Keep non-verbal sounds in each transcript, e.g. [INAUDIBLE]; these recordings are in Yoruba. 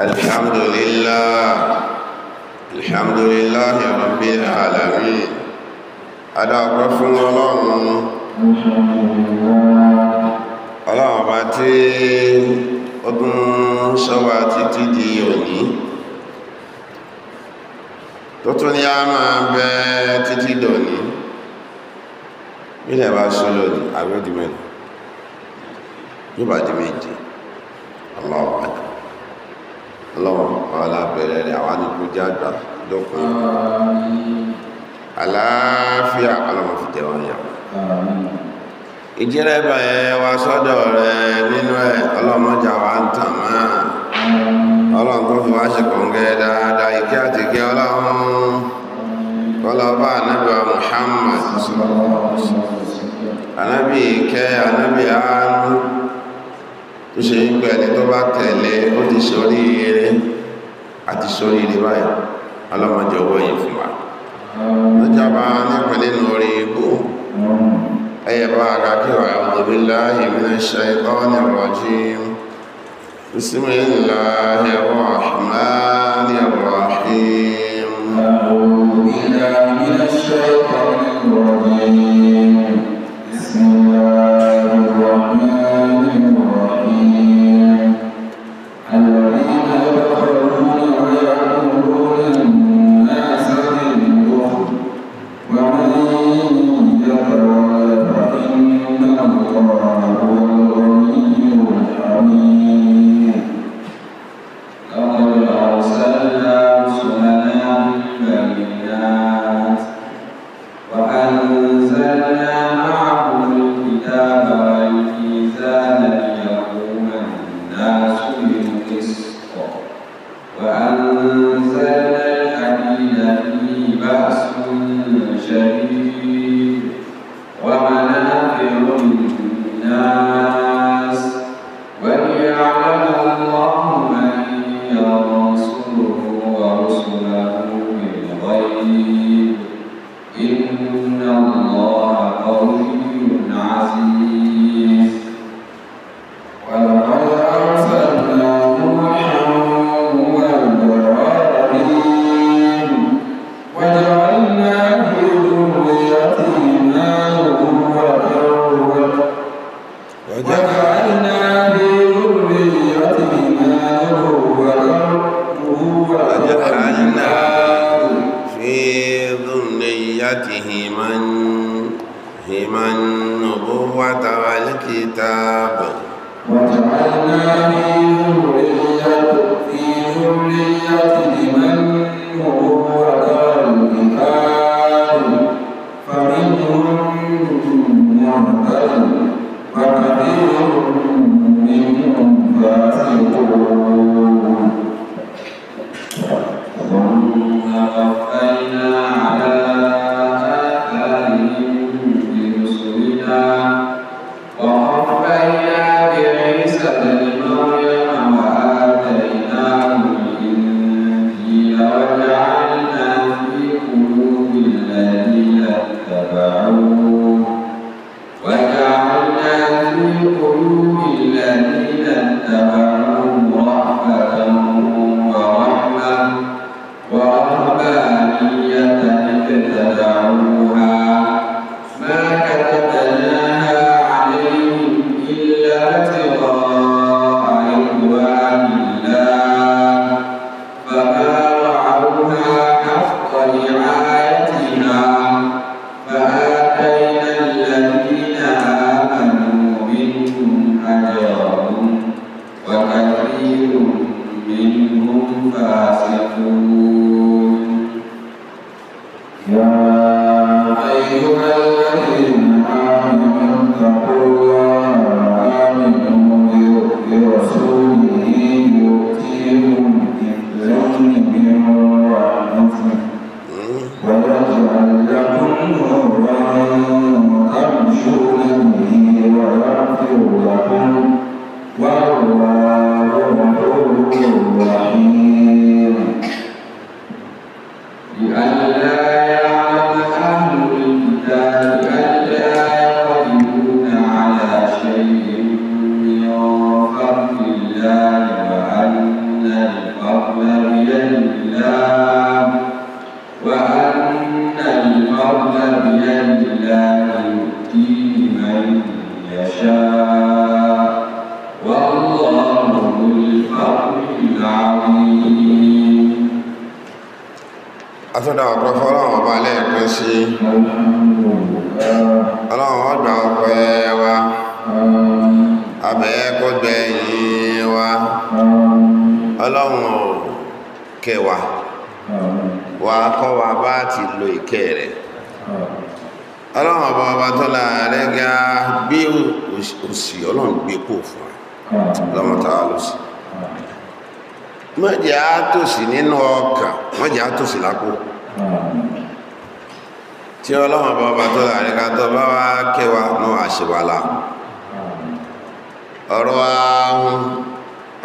الحمد لله الحمد لله رب العالمين أدعوك فن الله الله باتي ọdún ṣọ́wà títí di òní tó tún ní a máa bẹ títí dòní nílẹ̀ bá ṣọ́ lónìí àwẹ́ dìmẹ́lì yóò bá dìmẹ́jì Allahu Akbar ọlọ́run àwọn alábẹ̀rẹ̀ rẹ̀ àwọn anìkú jágbà dọ́kùn àlàáfíà ọlọ́run fi jẹ wọn yà ìjírẹ́ bẹ̀rẹ̀ wa sọ́dọ̀ rẹ̀ nínú ẹ̀ ọlọ́mọjà wa ń tàn máa ọlọ́run tó fi wá ṣe kọ̀ǹgẹ́ dáadáa ìkẹ́ àti ìkẹ́ ọlọ́run kọlọ́bà anábìwa Muhammad anábì ìkẹ́ anábì àánú tó ṣe wípé ẹni tó bá tẹ̀lé ó ti sọrí eré àti sọrí eré báyìí ọlọ́mọdé ọwọ́ yìí fún wa lọ́jà bá nípínlẹ̀ lórí ibú ẹ̀yẹ bá ara kí wà ọ̀dọ̀bí láàyè mi ní ṣe ìtọ́ni ọ̀rọ̀jì bismillahi rahmani rahim أعوذ بالله من الشيطان الرجيم بسم الله wà á kọ́ wa bá ti lo ìkẹ́ rẹ̀ ọlọ́run ọba ọba tọ́lá rẹ̀ ga gbé òsì ọlọ́run gbé pò fún lọ́mọ tàwa lọ sí mọ́jẹ́ á tòsí nínú ọkàn mọ́jẹ́ tòsí lápò tí ọlọ́run ọba ọba tọ́lá rẹ̀ ga tọ́ bá wá kẹwàá náà àṣewàlá ọ̀rọ̀ ahun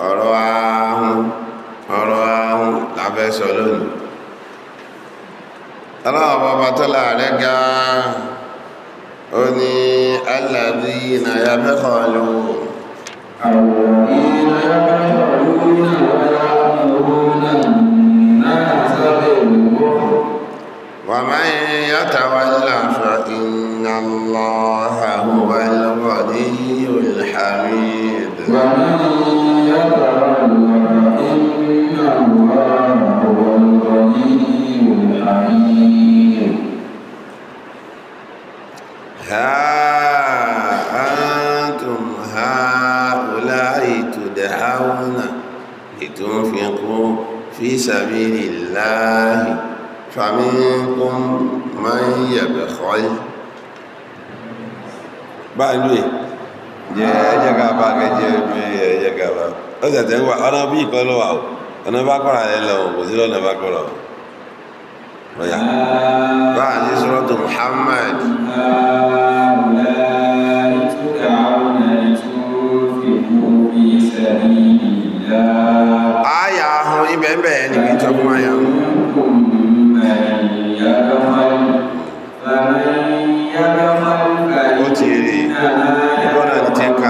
ọ̀rọ̀ ahun ọ̀rọ̀ ahun lábẹ́ lónìí ọlọ́wọ́ bàbá tó láàrẹ́ ga ó ní alàbí ìnàyà mẹ́kọ̀ ló wàmáyé yàtàwà ìlàfà ìnàlọ́hàwà في سبيل الله فمنكم من يبخل بعد jẹ ẹjẹka bá kẹjẹ bí ẹjẹka bá ó sì tẹ́wà ọ̀nà bí ìkọ́ ló wà ó ọ̀nà bá kọ́ra rẹ lọ kò sí lọ́nà bá kọ́ra ó ọ̀yà bá a ní sọ́rọ́tò Muhammad. bẹ́ẹ̀ yẹn ni kì í tọ́kùn máa yàn. ó ti rí gbọ́dọ̀ ní ti ń kà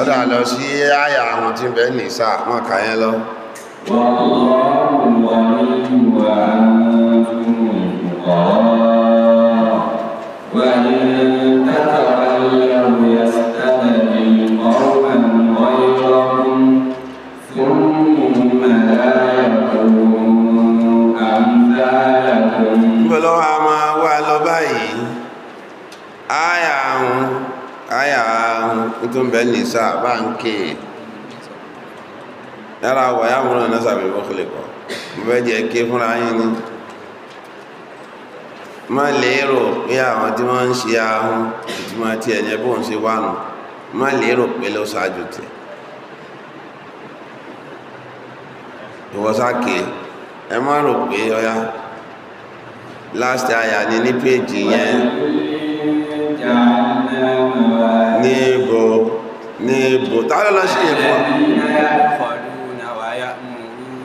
ọ̀dọ̀ àlọ́ sí àyà àwọn tí ń bẹ́ẹ̀ ní sáà wọ́n kà yẹn lọ. وإن تتولوا gbọ́lọ́ a máa wà lọ báyìí àyà ahụ àyà ahun tó ń ní sáà bá ń ké yára wà yá múlò náà sàbí bọ́kìlì kọ́ mo jẹ́ ké fúnra yín ni má lérò pé àwọn tí wọ́n ń ṣe ahun bó ń ṣe má lérò pé ló ṣáájú tẹ̀ ẹ má rò pé ọya last aya ni ní péjì yẹn níbo níbo tààrà lọ sí ìfún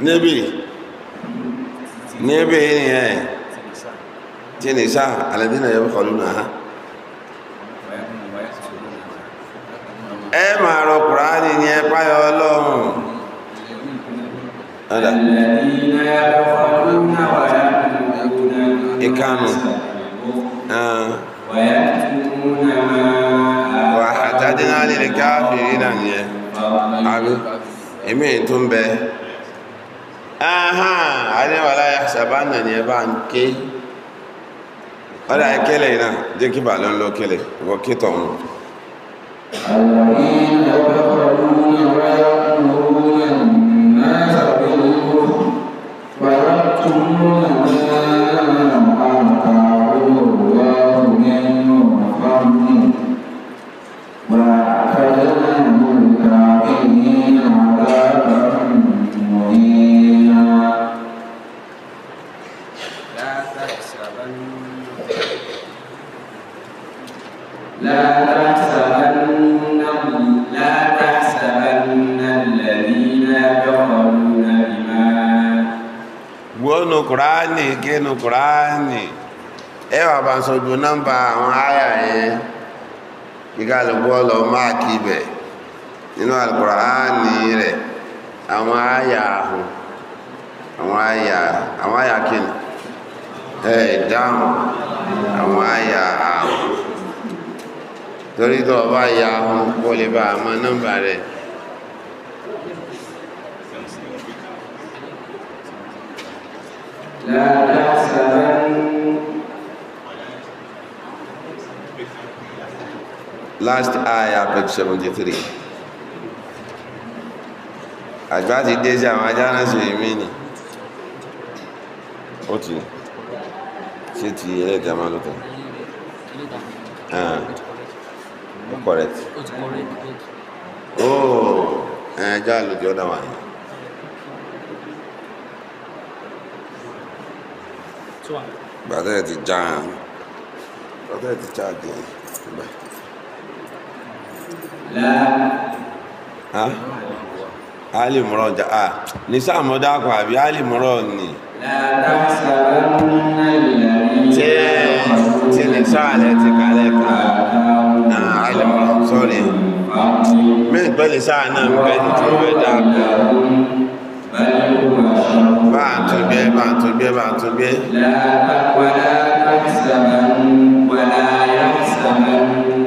níbi níbi yẹn tí ní sáà alẹ́dínà yẹ kọlu náà ẹ máa rọ kùránì ní ẹ páyọ ọlọ́run Alẹ́dínà yẹ kọlu náà wáyé ìkanu wà àjáde náà lè káàfìrí náà ni ẹ àbí èmi tó ń bẹ ahán àríwàlá ya. náà ni ẹ bá ń ké ọ̀dà ẹkẹlẹ̀ iná jẹ́ kí bà lọ́nà lọ́kẹlẹ̀ wọ́kítọ̀ three àgbà ti dé sí àwọn ajá náà sì rí mí nì ó ti ṣé ti ẹlẹ́dàá máa ló tán ah, ó correct ó ẹ̀ẹ́dá lòdì ọ̀dà wà yẹn. gbàdá ti já gbàdá ti já jẹ́ ha ali imran ja ah ni sa mo da ko àbí ali imran ni ti ti ni sa le ti kale ka na ali imran sorry mi gbe ni sa na mi gbe ni ti mo da ko bá a tún gbé bá a tún gbé bá a tún gbé.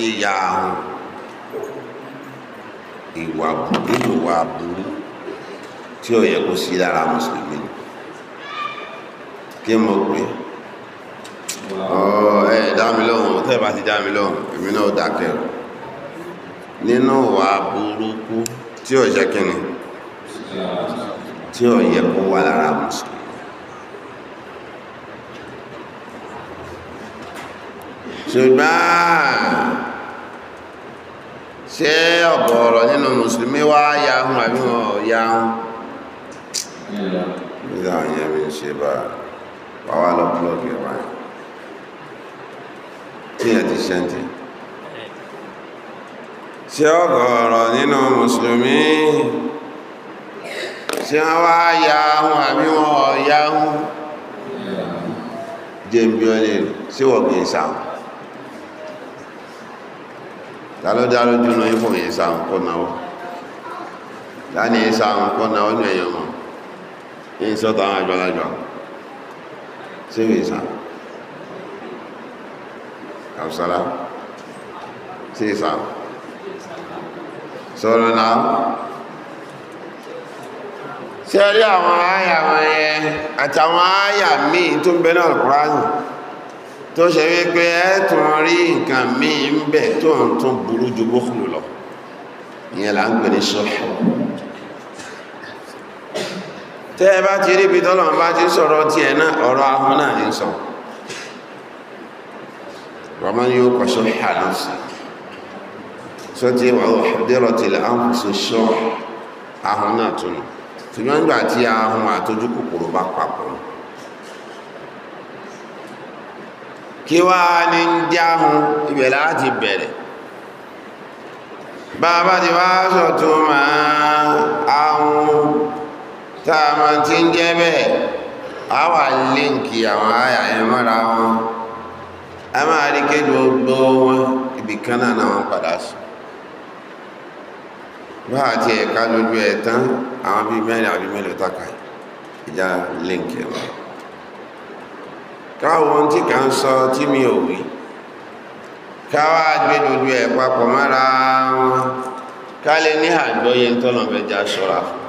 yíya ahun ìwà nínú ìwà burú tí ó yẹ kó sí lára mùsùlùmí kí mo pè ẹ dá mi lóhùn tẹ́ bá ti dá mi lóhùn èmi náà dákẹ́ nínú ìwà burúkú tí ó jẹ́ kíni tí ó yẹ kó wà lára mùsùlùmí ṣùgbọ́n ṣé ọ̀gọ̀ọ̀rọ̀ nínú mùsùlùmí wá yahun àbí wọn yahun nígbà yẹn mi ń ṣe bá wàwá lọ búlọ́ọ̀gì ẹ̀ báyìí tí yẹn ti ṣe ń tì ṣé ọ̀gọ̀ọ̀rọ̀ nínú mùsùlùmí ṣé wọ́n wá yahun àbí wọn yahun jẹ́ ń bí ọ lè ṣé wọ́n gbé sáwọn ta ló dá lójú náà ipò yẹn sáà ń kọ́ náà láni sáà ń kọ́ náà ní ẹ̀yàn mọ̀ ní sọ́tà àwọn àgbàlagbà síbi ìsà kàùsàlá sí ìsà sọ̀rọ̀ náà ṣe rí àwọn àyà wọn yẹn àtàwọn àyà míì tó ń náà Kùránì tó ṣe wípé ẹ̀tùn rí nǹkan míì ń bẹ̀ tó ń tún burú ju bókùnù lọ ìyẹn là ń pè ní tẹ́ ẹ bá ti rí tọ́lọ̀ bá ti sọ̀rọ̀ ọ̀rọ̀ ahun náà ní sọ rọmọ ni ó kọ̀ṣọ́ wà ó dẹ́rọ̀ sí ṣọ́ ahun náà tún ṣùgbọ́n tí ahun kòkòrò bá papọ̀ kí wá ní ń jáhun ibẹ̀ láti bẹ̀rẹ̀ bàbá ti wá sọ̀tún máa àwọn tààmà tí ń jẹ́ bẹ́ẹ̀ a wà líǹkì àwọn àyà ẹ̀mọ́ra wọn a máa rí kéde gbogbo wọn ibìkan náà náà padà sí bá àti ẹ̀ka lójú ẹ̀ tán àwọn bíi mẹ́rin àbí mẹ́lẹ̀ tàkà ìjà líǹkì ẹ̀mọ́ra káwọn tí kà ń sọ tí mi ò wí káwá gbé dodo ẹ̀ papọ̀ mára wọn ká lè ní àgbọ́yé tọ́lọ̀mẹ́já ṣọ́ra fún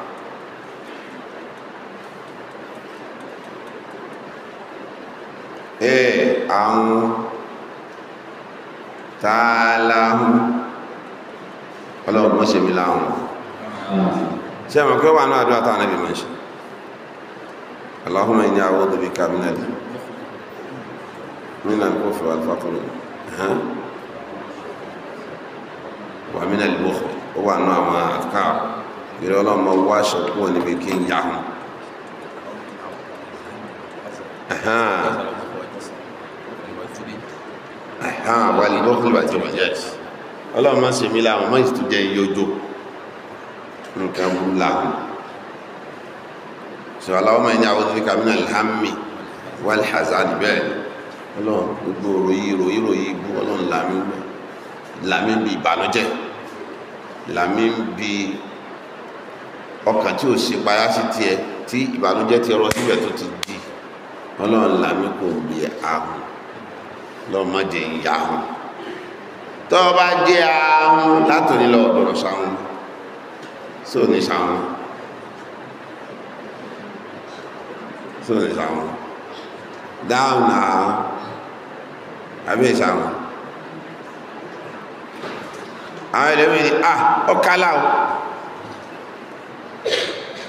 ee àwọn tààláhùn ọlọ́run mọ́ ṣe mi láhùn ṣe mọ̀ pé wà náà àdúrà tàà náà bí mọ́ ṣe Allahumma inni a'udhu من الكفر والفقر ها ومن البخل هو أنواع ما أذكار يقول الله ما واش يكون بكين يعهم ها، ها، والبخل والجبجات الله ما سمي لهم ما يستجي يجو nǹkan burú làwọn sọ aláwọ̀ máa ń ní àwọn òdìrí kàmínà alhammi ọlọ́run gbogbo ròyìn ròyìn ròyìn ibú ọlọ́run làmí wẹ̀ làmí bí ìbànújẹ́ làmí Bi. ọkàn tí ò ṣe payá sí tiẹ̀ tí ìbànújẹ́ ti rọ síbẹ̀ tó ti di ọlọ́run làmí kò bí ahùn lọ́ọ́ má jẹ ìyá ahùn tó bá jẹ́ ahùn látòní lọ ọ̀dọ̀rọ̀ sáhùn sóò ní sáhùn sóò ní sáhùn dáhùn náà. àbí ìṣà wọn àwọn ẹlẹ́mìí ni ah ọkàlá o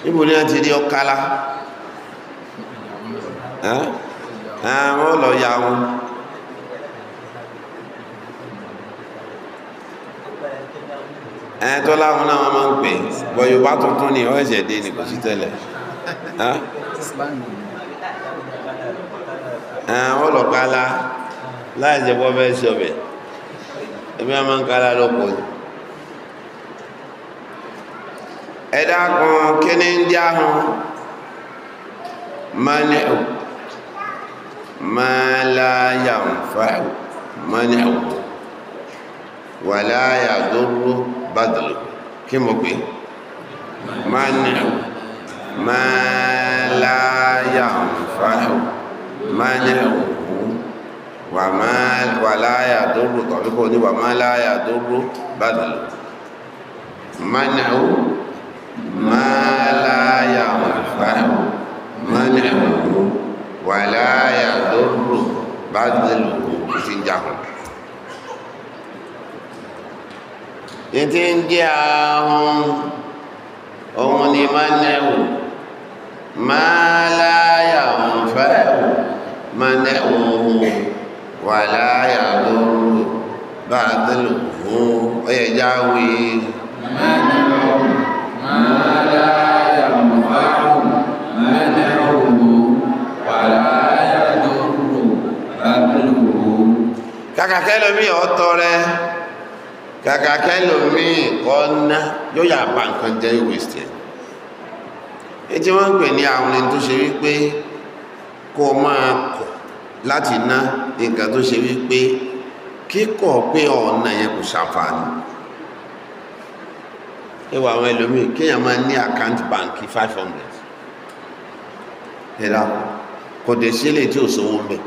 níbo ni wọ́n ti ní ọkàlá lọ ya wọn ẹ̀ẹ́tọ́ láwọn náà máa ń pè Yorùbá tuntun ni ní kò sí tẹ́lẹ̀ lọ láì jẹ́ pọ́ fẹ́ ṣọbẹ̀ ẹ̀mí a máa ń kára lọ́pọ̀ ni ẹ̀dá kan kí ní ń dí ahun mani'u ma la yanfa'u mani'u wa la yadurru kí mo pè mani'u ma la yanfa'u wà láyà dúró tàbí kò ní wà má láyà dúró bàdàlù mánàú má láyà màfáàù mánàú wà láyà dúró bàdàlù ti ń jahùn. ètí ń ahun òun ni mánàú má láyà màfáàù wà láyàwó bá àdínlò fún ọyẹjá wí kàkàkẹ́ lómi ọ̀tọ̀ rẹ kàkàkẹ́ lómi ọ̀nà yóò yà bá nǹkan jẹ́ ìwèsì ẹ̀ tí wọ́n ń pè ní àwọn ẹni tó ṣe wípé kó máa láti ná nǹkan tó ṣe wípé kíkọ̀ pé ọ̀nà yẹn kò ṣàǹfààní ẹwà àwọn ẹlòmíì kéèyàn máa ní account bank five hundred ẹ̀dá kò dé sílẹ̀ tí ò sówó mbẹ̀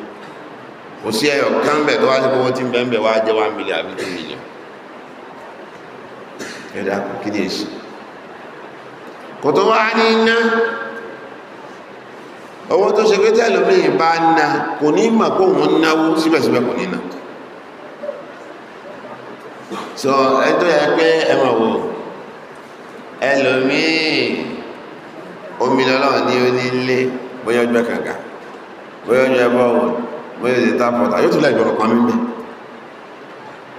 kò sí ẹyọ kan bẹ̀ tó wá sí owó tí ń bẹ̀ ń bẹ̀ wá jẹ́ one million àbí two million ẹ̀dá kò kí ni èsì kò tó wá ní ná owó tó ṣe pé tẹ́lómìí bá na kò ní mà kó òun náwó síbẹ̀síbẹ̀ kò ní na so ẹjọ́ yẹ pé ẹ mọ̀ wò ẹlòmíì omi lọ́lọ́run ní onílé bóyá ọjọ́ kàkà bóyá ọjọ́ ẹbọ wò bóyá ọjọ́ ìta pọ̀tà yóò tún lẹ́gbẹ̀rún kan mímẹ́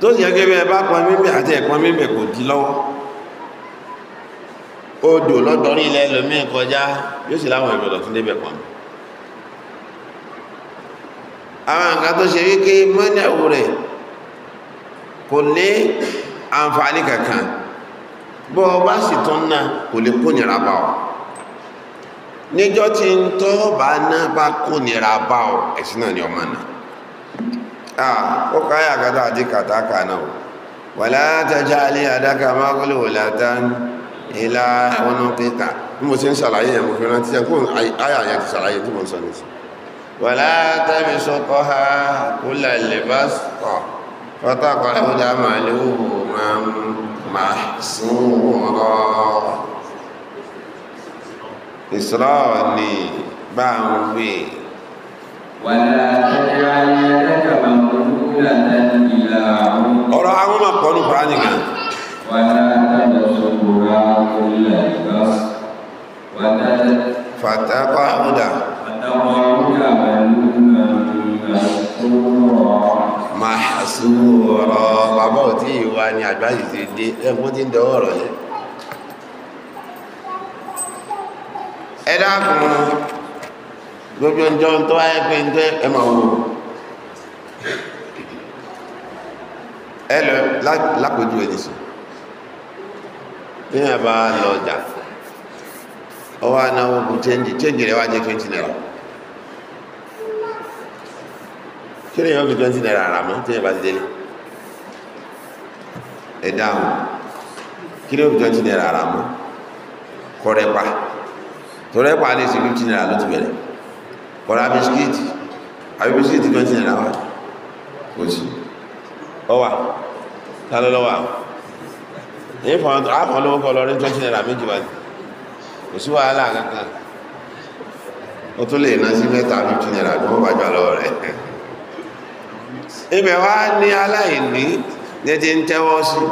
tó sì yẹ kí ẹ bá pọn mímẹ́ àti ẹ̀pọn mímẹ́ kò di lọ́wọ́ odò lọ́dọ̀ ilẹ̀ ẹlòmíì kọjá yóò sì láwọn ìgbọ̀dọ̀ tún débẹ̀ pọn mi àwọn nǹkan tó ṣe wípé mọ́nìyàwó rẹ̀ kò ní àǹfààní kankan bọ́ ọ bá sì tán náà kò lè kó nira bá ọ níjọ́ tí ń tọ́ bá náà bá kó nira bá ọ ẹ̀sìn náà ni ọmọ náà ó káyà kátà àti kàtàkà náà wà látàjá alẹ́ àdáka mákòlò látàn ìlà ولا تبسطها كل البسط فتقعد ملوما محسورا إسراء لي بعضي ولا تجعل يدك مغلولة إلى عنقك ọ̀rọ̀ àwọn ọmọ pọ̀ ní kùránì kan ولا تبسطها كل البسط فتقعد mahasúrọ̀ bàbá ò tí ìwà ni àgbà ti dé ẹgbọ́n tí ń dẹwọ́ ọ̀rọ̀ yẹn gbogbo ń jọ ń pé ń tẹ́ wò ní lọ ọjà ọwọ́ anáwó kò chẹ́ńjì chẹ́ńjì rẹ naira. kí lè yàn fi twenty naira rà mụ tí yẹn bá ti délé ẹ dáhùn kí fi twenty naira rà mọ́ kọ́rẹ́pà tọ́rẹ́pà lè ṣe fifty naira ló ti naira wà kò sí ọwà ta ló lọ́wọ́ lọ rí twenty naira méjì wájú kò sí wàhálà kankan ó tún lè ná sí mẹ́ta fifty naira ló bá ibẹ̀ wá ní aláìní ní ti ń tẹ́wọ́ sí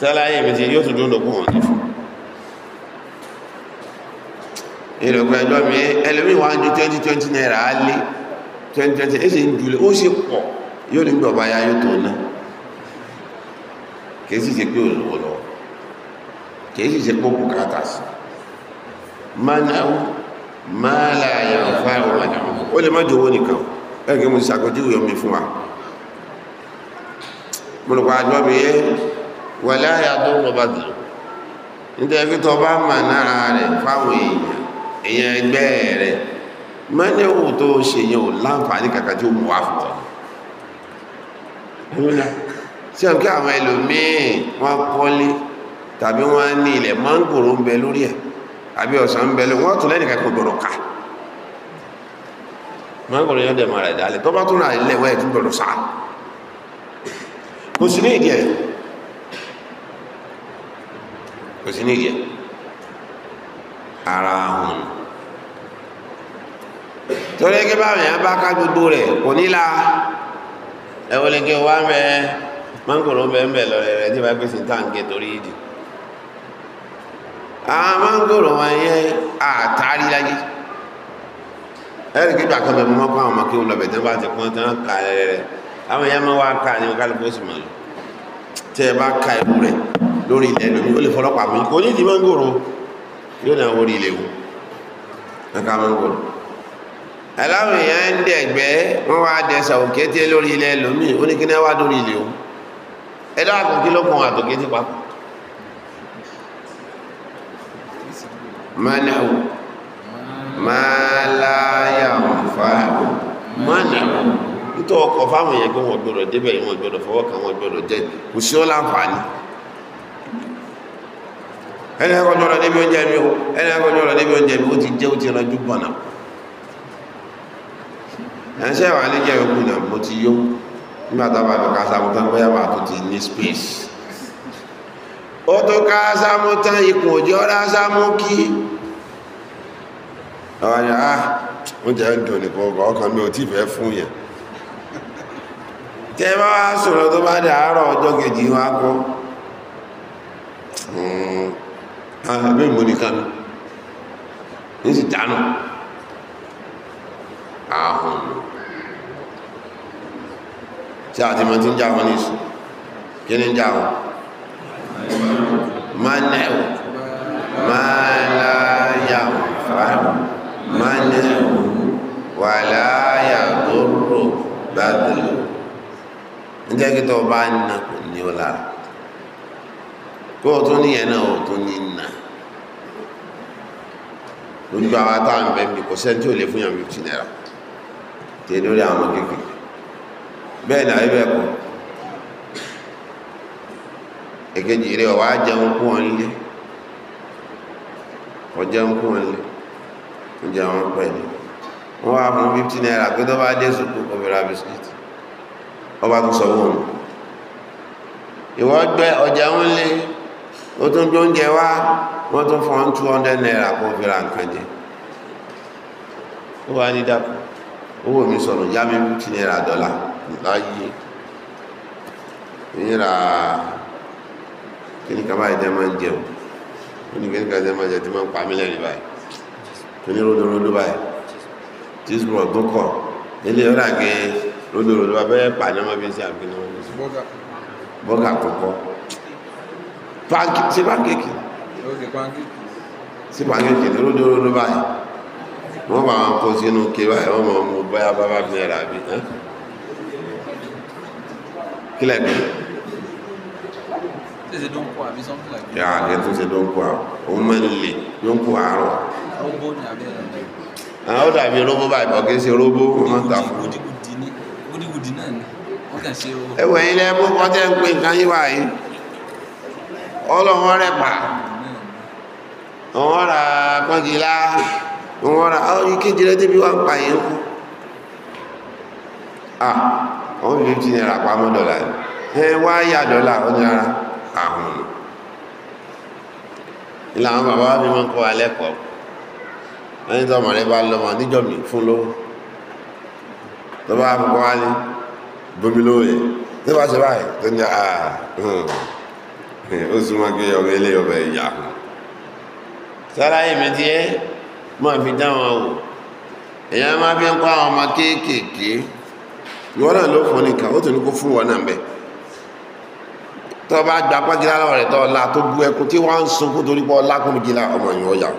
sálàyé mi ti yóò tún dúró lókun wọn ní fún ìrọ̀gbọ̀n ẹjọ́ mi ẹlòmíì wá ju twenty twenty naira á lé twenty twenty èsì ń julẹ̀ ó sì pọ̀ yóò ní gbọ̀ba ya yóò tó náà kìí sì ṣe pé olùwọ̀ lọ kìí sì ṣe gbogbo kàtà sí máa náà máa láàyè àǹfààní ọ̀rọ̀ àjàmọ́ ó lè má jowó nìkan o ẹgbẹ́ mo ti ṣàkójúwe omi fún wa mo rò pa àjọ mi yé wà láyà tó lọ bá dùn nítorí pé tó bá mà nára rẹ̀ fáwọn èèyàn èèyàn ẹgbẹ́ rẹ̀ mẹ́lẹ́wò tó ṣe yẹn ò láǹfààní kàkà tí ó mú wá fún ọ sí ọ̀gá àwọn ẹlòmíì wọ́n kọ́lé tàbí wọ́n ní ilẹ̀ mángòrò ń bẹ lórí ẹ̀ àbí ọ̀sán ń bẹ lórí wọ́n tún lẹ́nìkan kò gbọ́dọ̀ ká mọ́kùnrin yóò dẹ̀mọ́ rẹ̀ dálẹ̀ tó bá tún ra ilẹ̀ wẹ́ẹ̀ tó gbọ́dọ̀ sáà kò sí ní ìdí ẹ̀ kò sí ní ìdí ẹ̀ ara ahùn torí ẹgbẹ́ bá mi bá ká gbogbo rẹ̀ kò nílá ẹwọ́n lè gé wá mẹ́ mọ́kùnrin bẹ́ẹ̀ bẹ́ẹ̀ lọ rẹ̀ tí wọ́n pèsè táǹkì torí ìdí àwọn mọ́kùnrin wọn yẹn àtàrí láyé ẹ̀rì kí gbàkan bẹ̀ mọ́ kọ́ àwọn ọmọ kí wọ́n lọ́bẹ̀ tán bá ti pọ́n tán ká rẹ̀ àwọn èèyàn máa wá ká ní kálukú sì mọ̀ tẹ́ ẹ bá ká ẹrú rẹ̀ lórí ilẹ̀ lómi ó lè fọlọ́pàá mi kò ní ìdí mọ́ngòrò yóò náà wọ́n rí ilé wò ẹ̀ka mọ́ngòrò ẹ̀láwọn èèyàn ń dẹ̀gbẹ́ wọ́n wá dẹ̀sà òkété lórí ilẹ̀ lómi ó ní kí náà wá dórí ilé wò ẹ dáàbò kí ló kàn àtòkété papọ̀ mọ́nà máa láyà fa mọ́nà nítorí ọkọ̀ fáwọn èèyàn pé wọ́n gbọ́dọ̀ débẹ̀ wọ́n gbọ́dọ̀ fọwọ́ kan wọ́n gbọ́dọ̀ jẹ kò sí ó láǹfààní ẹni ẹkọ jọrọ níbi oúnjẹ mi o ẹni ẹkọ jọrọ níbi oúnjẹ mi o ti jẹ o ti rànjú bọ̀nà ẹ̀ṣẹ́ wà ní jẹ́ ìkú náà mo ti yó nígbà tábà lọ kásámútán tó ti ní space ó tó kásámútán ikùn òjò rásámú kí àwọn àyà á dùn nìkan ọkọ̀ ọkàn mi ò tí fẹ́ fún yẹn tó bá àárọ̀ ọjọ́ kejì wá kọ́ hmm, ah, ní sì dáná ahùn tí a ti ń já ní ìsìn kí ni mánìhù wàlá yàgòrò bàdìlù níjẹ́ kí tó bá nà kò ní ó lára kó o tún níyẹn náà o tún ní nà lójú àwọn táwọn bẹ́ẹ̀ bí kò sẹ́ni tí ò lè fún yàn fifty naira tẹ lórí àwọn kékeré bẹ́ẹ̀ náà ibẹ̀ kọ́ èkejì rẹ̀ wàá jẹun kún ọ nílé ọjẹun kún ọ nílé oúnjẹ wọn pẹ̀ ní wọ́n wá fún fifty naira pé tó bá dé sùkú kọfíra bisikíìtì ọba tó sọ wọn ìwọ gbé ọjà wọn lé ó tún gbé oúnjẹ wá wọ́n tún fún two hundred naira kọfíra nǹkan jẹ ó wá ní dàpọ̀ owó mi sọ̀rọ̀ yá mi fifty naira dọ́là láyé ìyẹn rà kí ni kaba ẹ̀dẹ́ máa ń jẹun ó ní kí ni kaba ẹ̀dẹ́ máa ń jẹun tí máa ń pa mí lẹ́rìí báyìí kìíní ròdòròdò báyìí cheeseball tó kọ̀ ilé ọ̀rà gé rodo bá bẹ́ẹ̀ pàdé ọmọ bí ń ṣe àgbẹ̀ náà bọ́gà tó kọ́ ṣe pancake ṣe pancake ní rodo báyìí wọ́n bá wọn kó sínú ké báyìí wọ́n mọ̀ mú bóyá bábá fi ẹ̀rà bí kílẹ̀ bí ṣe ṣe dọ́nkù àbí sọ́nkù làgbé. yàrá kẹ́tù ṣe dọ́nkù àwọn òun mẹ́rin lè dọ́nkù àárọ̀. Ah, ó dàbí róbó báyìí bọ̀ kí n ṣe róbó wọn ta fún ẹwẹ̀ ilẹ̀ mú kọ́tẹ́ ń pè nǹkan yíwá yìí ọlọ́run rẹ̀ pa wọ́n ra wọ́n ra débi pa kú ah, wọ́n fi pamọ́ dọ́là ẹ wá yà dọ́là ó ẹni tó mọ̀rẹ́ bá lọ́mọ níjọ́ mi fún lówó tó bá fún wá ní bomi lówó yẹ tó bá ṣe báyìí tó ní àà ah, hmm, hmm, ó súnmọ́ kí ọmọ ilé ọmọ ìyá sára èmi tí ẹ máa fi dá wọn wò èèyàn máa fi ń kọ́ àwọn ọmọ kéékèèké ìwọ náà ló fún nìkan ó tún ní kó fún wọn náà bẹ́ẹ̀ tó bá gba pọ́gílá lọ́wọ́ rẹ̀ tó ọ̀la tó bú ẹkùn tí wọ́n ń sunkún torí pọ́ ọlá kún gílá ọmọ ìyọ̀ yàwó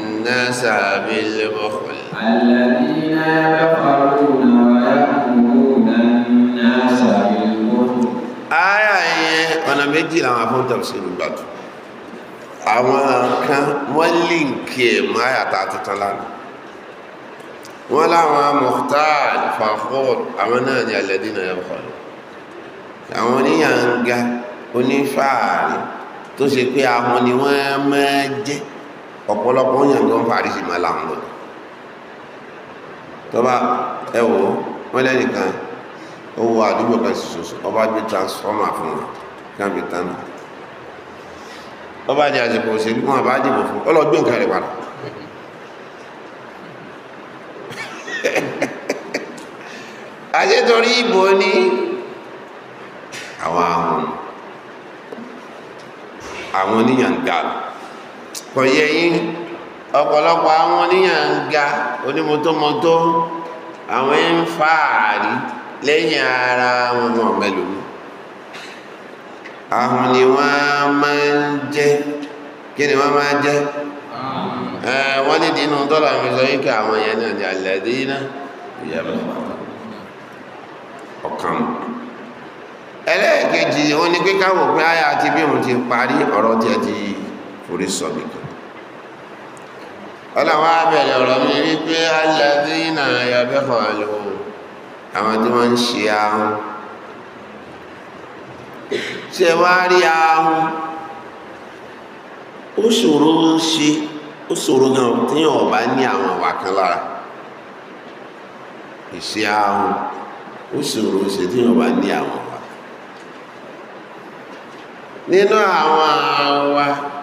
الناس بالبخل الذين يبخلون ويأمرون الناس بالبخل آية ọ̀nà méjì làwọn afọ́n tafsir gbàdù àwọn kan wọ́n líǹkì ẹ̀ máyàtà tuntun lánàá wọ́n láwọn mukhtar fakhur àwọn náà ni alladina yabkhal àwọn oníyànga onífààrí tó ṣe pé àwọn ni wọ́n máa jẹ́ ọ̀pọ̀lọpọ̀ yàn gan paris ma láwọn lọ tọ́ba ẹ wò wọ́n lẹ́nìkan ó wọ àdúgbò kan ṣoṣo ọba gbé transformer fún wọn káàmì tánà ọba ní àsìkò òṣèlú wọn bá dìbò fún ọlọ́gbé nǹkan rẹ̀ padà [LAUGHS] àṣetorí ìbò ní àwọn àwọn oníyàn gbàgbọ́. kò yẹ ọ̀pọ̀lọpọ̀ àwọn oníyàn ń ga onímọ̀tọ́mọ̀tọ́ àwọn ń fa àárí ara wọn mẹ́lòmí àwọn ni wọ́n máa ń jẹ́ kí ni wọ́n máa jẹ́ wọ́n ní dínú tọ́lá mi sọ yín àwọn yẹn náà ní alẹ́ dínà ìyàbọ̀ ọ̀kan ẹlẹ́ẹ̀kejì òun ti parí ọ̀rọ̀ tí ọlọ́wọ́ abẹ̀rẹ̀ ọ̀rọ̀ mi rí pé alẹ́dínà ẹ̀yọ̀bẹ́kọ̀ lò àwọn tí wọ́n ń ṣe ahun ṣe wá rí ahun ó ṣòro ń ṣe ó ṣòro gan tíyàn ọ̀bá ní àwọn kan lára ìṣe ahun ó ṣòro ń ṣe tíyàn ọ̀bá ní àwọn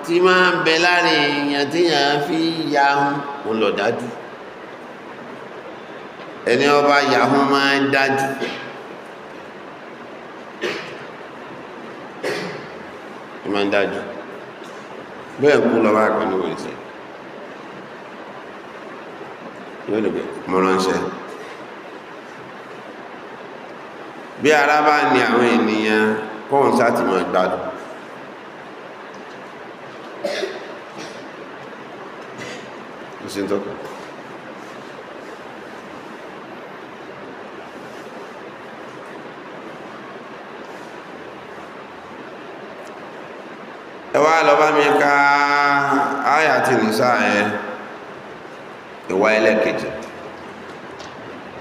tí máa ń bẹ láàrin èèyàn tí yàn án fi yahun òun lọ dájú ẹni ọba yahun máa ń dájú máa ń dájú bẹ́ẹ̀ kú lọ́wọ́ àgbà ní wọ́n ṣe yóò lè mọ́ ránṣẹ́ bí ara bá ní àwọn ènìyàn kọ́ọ̀nsá ti gbádùn Lo siento mi ka àyà àti nìsá yẹn ìwà ẹlẹ́kejì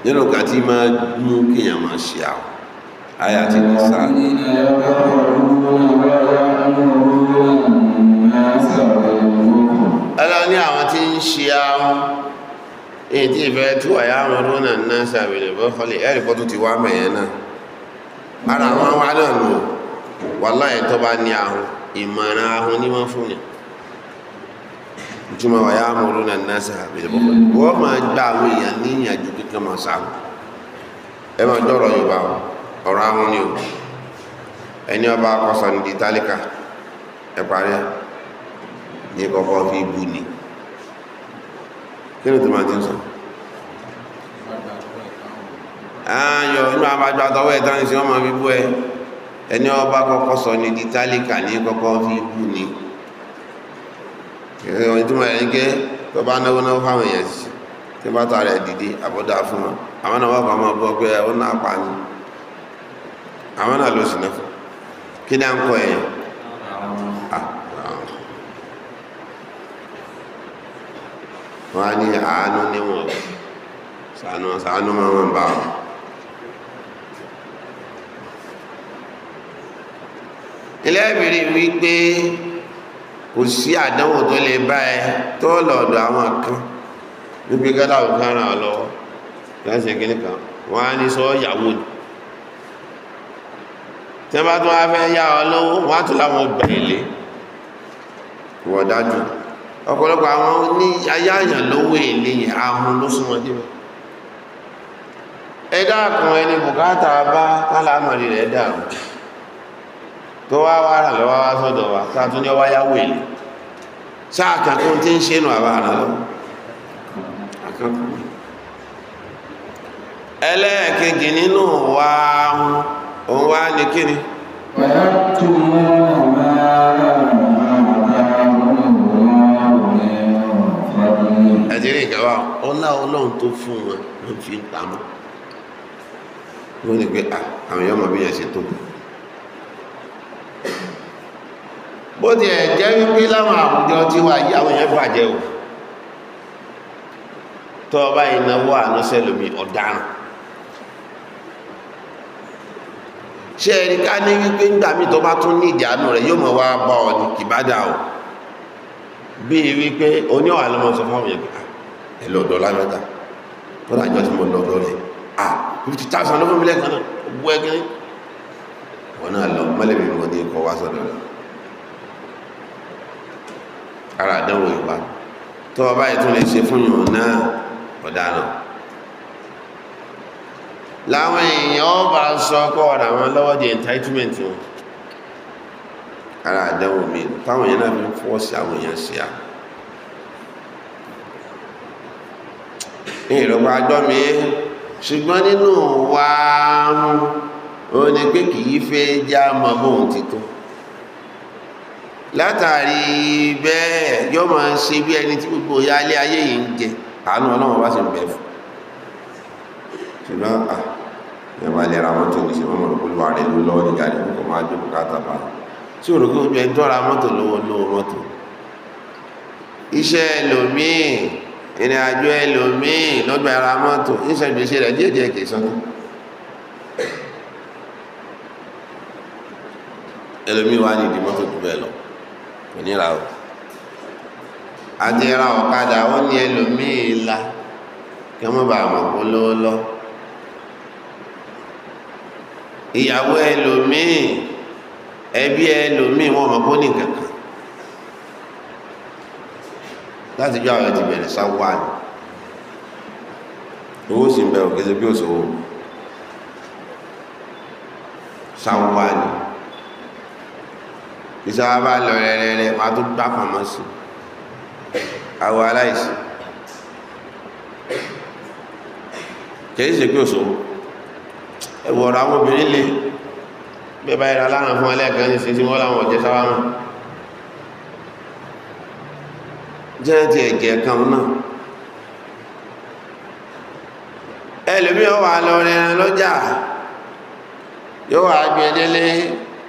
nínú kàtí máa mú kéèyàn máa bẹ́ẹ̀ tí wà yá àwọn rúnà náà sàbẹ̀lẹ̀ bọ́ fọlẹ̀ ẹ̀rì pọ́ tó ti wá náà ara náà lò tó bá ní ahun ìmọ̀ràn ahun ní wọ́n fún ni ìtumọ̀ wà yá àwọn rúnà náà bọ́ wọ́n máa àwọn èèyàn ní ìyàjú máa ẹ máa jọ̀rọ̀ yorùbá ọ̀rọ̀ ahun ni o ẹni ọba akọsọ ní ẹ parí ní kọ́kọ́ fi bu ni kí ayọ̀ inú abájọ àtọwọ́ ẹ̀ tán ọmọ bíbú ẹ ẹni ọba kọ́kọ́ sọ ní di tálíkà ní kọ́kọ́ fi bú ni gẹ́ tó bá náwó náwó fáwọn èèyàn sí tí bá tà dìde fún wọn àwọn náà ọmọ pé ó náà pa ni àwọn náà ló sì náà kí ni à ń kọ ah, wọ́n á ní ẹlẹ́bìrì wípé kò sí àdánwò tó lè bá ẹ tó lọ́dọ̀ àwọn kan wípé gádà ò kára láti ẹgbẹ́ nìkan wọ́n á ní sọ ìyàwó tí wọ́n bá tún wá fẹ́ yá ọ lọ́wọ́ wọ́n á tún láwọn ilé wọ́n dájú ọ̀pọ̀lọpọ̀ àwọn ní ayáyàn yẹn ahun ló súnmọ́ ẹ dákun ẹni bùkátà tó wá wá ràn lọ́wọ́ wá sọ́dọ̀ wa sáàtún ní ọwá yáwó èlé sáàkà tó ń ṣe nù àbá lọ ẹlẹ́ẹ̀kejì nínú wa òun wá ní kíni ẹ̀dìrí ìgbàwà ọlá ọlọ́run tó fún wọn ló fi ń wọ́n ní pé àwọn yọmọ bí yẹn tó bó ti ẹ̀ jẹ́ wípé láwọn àwùjọ tí wà yí àwọn èèyàn bàjẹ́ o tó ọba ìnáwó ànúṣẹ́ lómi ọ̀daràn ṣe ẹ̀rí ká ní wípé nígbà míì tó bá tún ní ìjánu rẹ̀ yóò mọ̀ wá bá ọ ní kìbádà o bí i wípé oní ọ̀hà lọ́mọ sọ fún àwọn èèyàn ah, ẹ̀ lọ́dọ̀ lámẹ́ta tó dájọ́ tí mo lọ́dọ̀ rẹ̀ ah fifty thousand ló fún mi lẹ́ẹ̀kan náà gbogbo ẹgbẹ́ wọn náà lọ mọ́lẹ́bí wọn ní kọ́ wá sọ́dọ̀ rẹ̀ ara àdánwò ìwà tó ọba ìtún lè ṣe fún yòó náà ọ̀daràn láwọn èèyàn ọba sọ pé ọ̀rọ̀ àwọn lọ́wọ́ di entitlement wọn ara àdánwò mi táwọn èèyàn náà fi ń fọwọ́ sí àwọn èèyàn sí à ní ìrọ̀pá gbọ́ mi ṣùgbọ́n nínú wa ó ní pé kì í fẹ́ já mọ́ bóun ti tó látàrí bẹ́ẹ̀ yọ́ ma ń ṣe bí ẹni tí gbogbo ya alẹ́ ayé yìí ń jẹ àánú ọlọ́run bá sì ń bẹ̀ fún ṣùgbọ́n à ẹ máa lẹ́ra wọn tó nìṣẹ́ wọn mọ̀rọ̀ pẹ̀lú ààrẹ ló lọ́wọ́ nígbà rẹ̀ kò máa jókòó káàtà bá tí òrò kí oúnjẹ ń tọ́ra mọ́tò lọ́wọ́ lọ́wọ́ mọ́tò iṣẹ́ ẹlòmíì ìrìn àjò ẹlòmíì lọ́gbà ara mọ́tò iṣẹ́ ìgbésí rẹ̀ díẹ̀díẹ̀ kì í sọ́tọ̀ ẹlòmíì wá ní ìdí mọ́tò jù bẹ́ẹ̀ lọ kò níra o àti ra ọ̀kadà wọ́n ní ẹlòmíì la kí wọ́n bá àwọn kó lówó lọ ìyàwó ẹlòmíì ẹbí ẹlòmíì wọn mọ̀ kó ní kankan láti jọ àwọn ti bẹ̀rẹ̀ sáwọ́ àná owó sì ń bẹ̀rù kí bí òṣòwò sáwọ́ àná ìṣọ́wá bá lọ rẹ̀rẹ̀rẹ̀ máa tó gbá pàmọ́ sí àwọ̀ aláìsí kìí ṣe pé òṣòwò ẹ̀wọ̀rọ̀ àwọn obìnrin lè bẹ́ẹ̀ báyìí aláàrùn fún alẹ́ẹ̀kan ní sí wọ́n láwọn ọ̀jẹ́ sáwá náà jẹ́ ti ẹ̀jẹ̀ kan náà ẹlòmí ọwà lọ rẹran lọ́jà yóò wà gbẹ̀dẹ́lé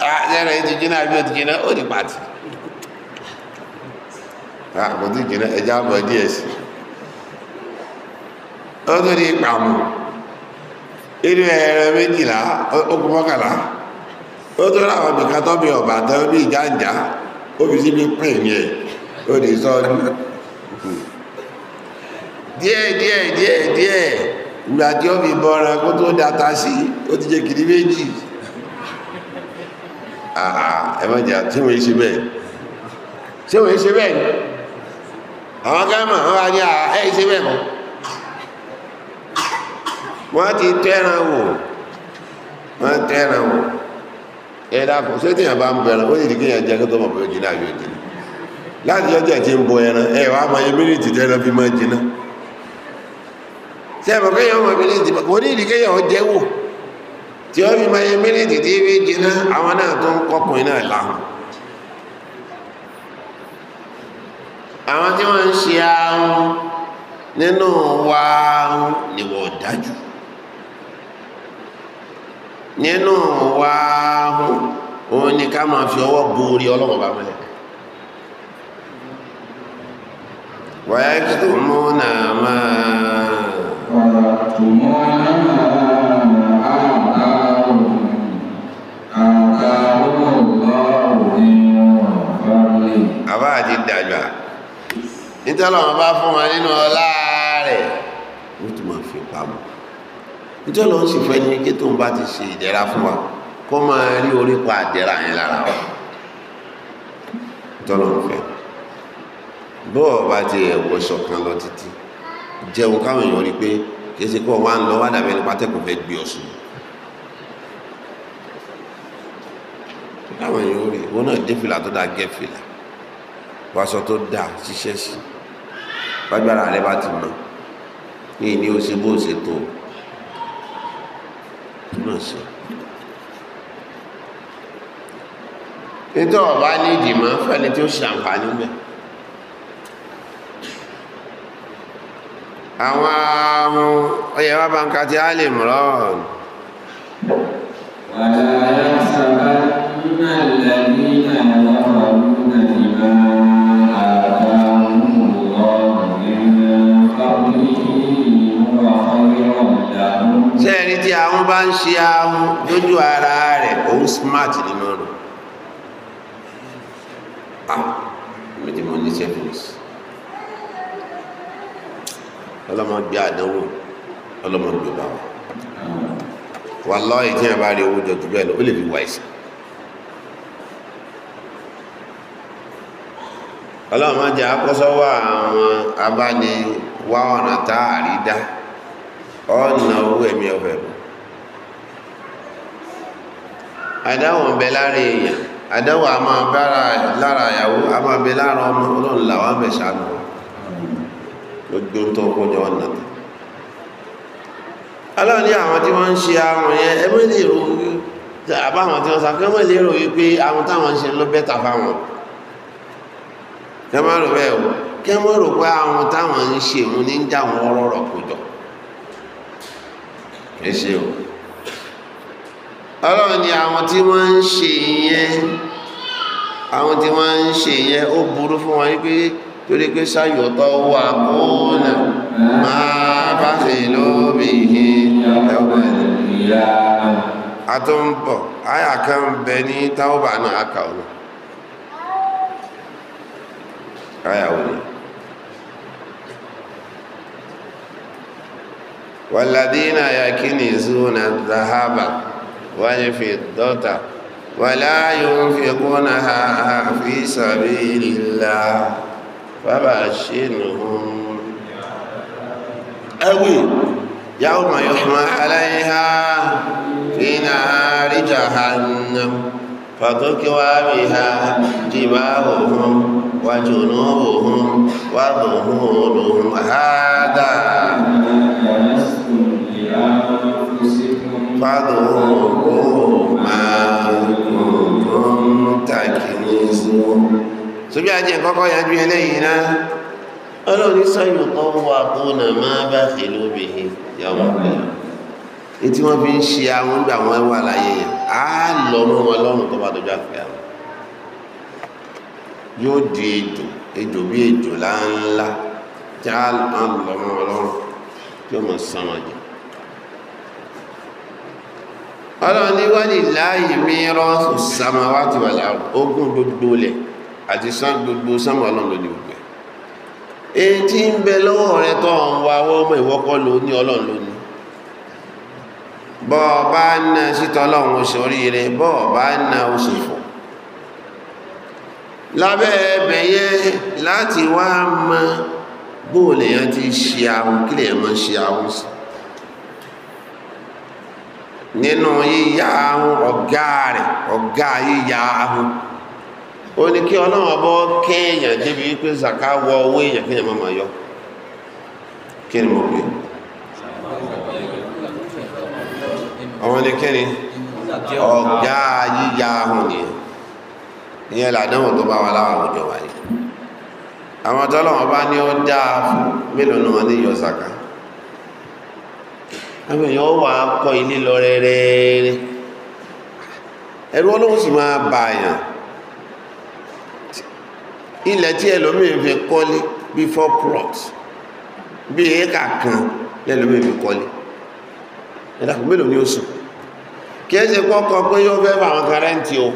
Ah, ẹ̀rẹ̀ ti jiná àbí ọ̀tí jiná ó di pàtì àkótí ah, jiná ẹja bọ̀ díẹ̀ sí ó tó di pàmò inú ẹ̀rẹ̀ méjìlá okùn mọ́kànlá ó tó láwọn nìkan tó bí ọ̀bà tó bí ìjáǹjá ó fi síbi pín yẹn ó di sọ́ọ́dún díẹ̀ díẹ̀ díẹ̀ díẹ̀ ìgbà tí ó fi bọ́ ọ̀rọ̀ kó tó dáta sí ó ti jẹ́ kìdí Ah, ẹmọ́jà tí wọ́n ṣe bẹ́ẹ̀ ṣe wọ́n ṣe bẹ́ẹ̀ àwọn gáàmà wọ́n wá ní ààrẹ ah, ṣe bẹ́ẹ̀ mọ́ wọ́n ti tẹ́ran wò wọ́n tẹ́ran wò ẹ̀dá fún ṣé tíyàn bá ń bọ ẹran ó sì di kíyàn jẹ́ kó tó mọ̀ pé ó jìnnà àbí ó jìnnà láti ọjọ́ tí ń bọ ẹran ẹ̀ wá mọ tí ó fi máa yẹ mílíìtì tí ìwé jiná àwọn náà tó ń kọkùnrin náà láhùn àwọn tí wọ́n ń ṣe ahun nínú wa ahun ni wọ́n dájú nínú wa ahun òun ni ká máa fi ọwọ́ borí ọlọ́wọ́ bá mẹ́lẹ̀ wàá tó mú náà máa. tó mú náà máa. dàgbà nítorí wọn bá fún wọn nínú ọlá rẹ̀ wọ́n tún máa fi pamọ́ nítorí wọn sì fẹ́ ní kí tó ń bá ti ṣe ìdẹ̀ra fún wa kó máa rí orí pa àdẹ̀ra yẹn lára wa nítorí wọn fẹ́ bọ́ọ̀ bá ti ẹ̀wọ̀ ṣọ̀kan lọ títí jẹun káwọn èèyàn rí pé kìí ṣe kọ́ wa ń lọ wá dàbí ẹni pátẹ́kùn fẹ́ gbé ọ̀sùn káwọn èèyàn rí wọn náà dé fìlà tó dáa gẹ́ fìlà wàṣọ tó dáa ṣiṣẹ́ sí gbàgbára rẹ bá ti mọ ní ìní ó ṣe bó ṣe tó náà ṣe. nítorí ọba ní ìdìmọ̀ fẹ́ni tí ó ṣe àǹfààní mẹ́. àwọn ọmọ ọyẹ wa bá ń ka ti Al Imran. wàhálà. bá ń ṣe ahun lójú ara rẹ̀ òun smart nínú rẹ̀ ah méjì mo ní sẹ́fìs ọlọ́mọ gbé àdánwò ọlọ́mọ gbé bá wọn wà lọ́ọ̀ ìtí ẹ̀ bá rí owó jọ jù bẹ́ẹ̀ lọ ó lè fi wá ìsìn ọlọ́run máa jẹ́ akọ́sọ́wọ́ àwọn abáni wá ọ̀nà táàrí dá ọ̀nà owó ẹ̀mí ọ̀fẹ́ bọ̀ àdáwò ń bẹ lára èèyàn àdáwò a máa bára lára ìyàwó a máa bẹ lára ọmọ ọlọ́run làwọn àmì ṣàánú gbogbo tó kọjọ ọ̀nà ọlọ́run ní àwọn tí wọ́n ń ṣe àwọn yẹn ẹ mọ́ lè rò àbáwọn tí wọ́n sàkẹ́ mọ́ lè rò wípé àwọn táwọn ń ṣe ló bẹ́tà fáwọn kẹ́ rò bẹ́ẹ̀ o kẹ́ mọ́ rò pé àwọn táwọn ń ṣe òun ní ń jà wọn rọ̀rọ̀ kò jọ kẹ́ o ọlọ́run ni àwọn tí wọ́n ń ṣe yẹn àwọn tí wọ́n ń ṣe yẹn ó burú fún wọn wípé torí pé sáyọ̀tọ̀ wà kóòlà máa bá ṣe lóbi ẹ̀wọ̀n àtúnbọ̀ àyà kan bẹ ní táwọ́bà náà àkà ọ̀nà àyà òní wàlàdínà yà kí ní zúnà zahaba. والفضة ولا ينفقونها في سبيل الله فبشرهم أوي يوم يحمى عليها في نار جهنم فتكوى بها جباههم وجنوبهم وظهورهم هذا fad'uhu ma kuntum takrizun sóbí ajé kọ́kọ́ yanjú eléyìí náà ọlọ́run sọ́yìn tó wà kóna máa bá fèlú bìí yàwó pẹ̀lú ètí wọ́n fi ń ṣe àwọn ìgbà wọn wà láyé yẹn á lọ mọ́ wọn lọ́rùn tó bá dojú àfẹ́ àwọn yóò di ejò ejò bí ejò láńlá tí á lọ mọ́ wọn lọ́rùn tí ó mọ̀ sánwọ̀n jẹ́ ọlọ́run ní wálì láàyè mìíràn sàmáwá ti wà láàrùn ogún gbogbo lẹ̀ àti sán gbogbo sánmà ọlọ́run ló ní gbogbo ẹ̀ èyí tí ń bẹ lọ́wọ́ rẹ tó ń wa ọwọ́ ọmọ ìwọ́kọ́ ló ní ọlọ́run ló ní bọ́ ọ bá ná síta ọlọ́run oṣù oríire bọ́ ọ bá ná oṣù fò lábẹ́ nínú yíya ahun ọ̀gá rẹ̀ ọ̀gá yíya ahun o ní kí ọlọ́run ọbọ̀ kéèyàn zaka wọ owó èèyàn kéèyàn máa yọ kí ni mo pè àwọn ní kí ni ọ̀gá yíya ahun nìyẹn ìyẹn làdánwò tó bá wà láwọn àwùjọ wáyé àwọn ni wọ́n zaka àwọn èèyàn wà á kọ́ ilé lọ rẹ́rẹ́rẹ́ ẹ̀rù ọlọ́run sì máa bà àyàn ilẹ̀ tí ẹlòmíì fi kọ́lé bí four plots bí éka kan lẹ́lòmíì fi kọ́lé ẹ̀dàkùn mélòó ni ó sùn kí ẹ ṣe kọ́kọ́ pé yóò fẹ́ fà kárẹ́ǹtì o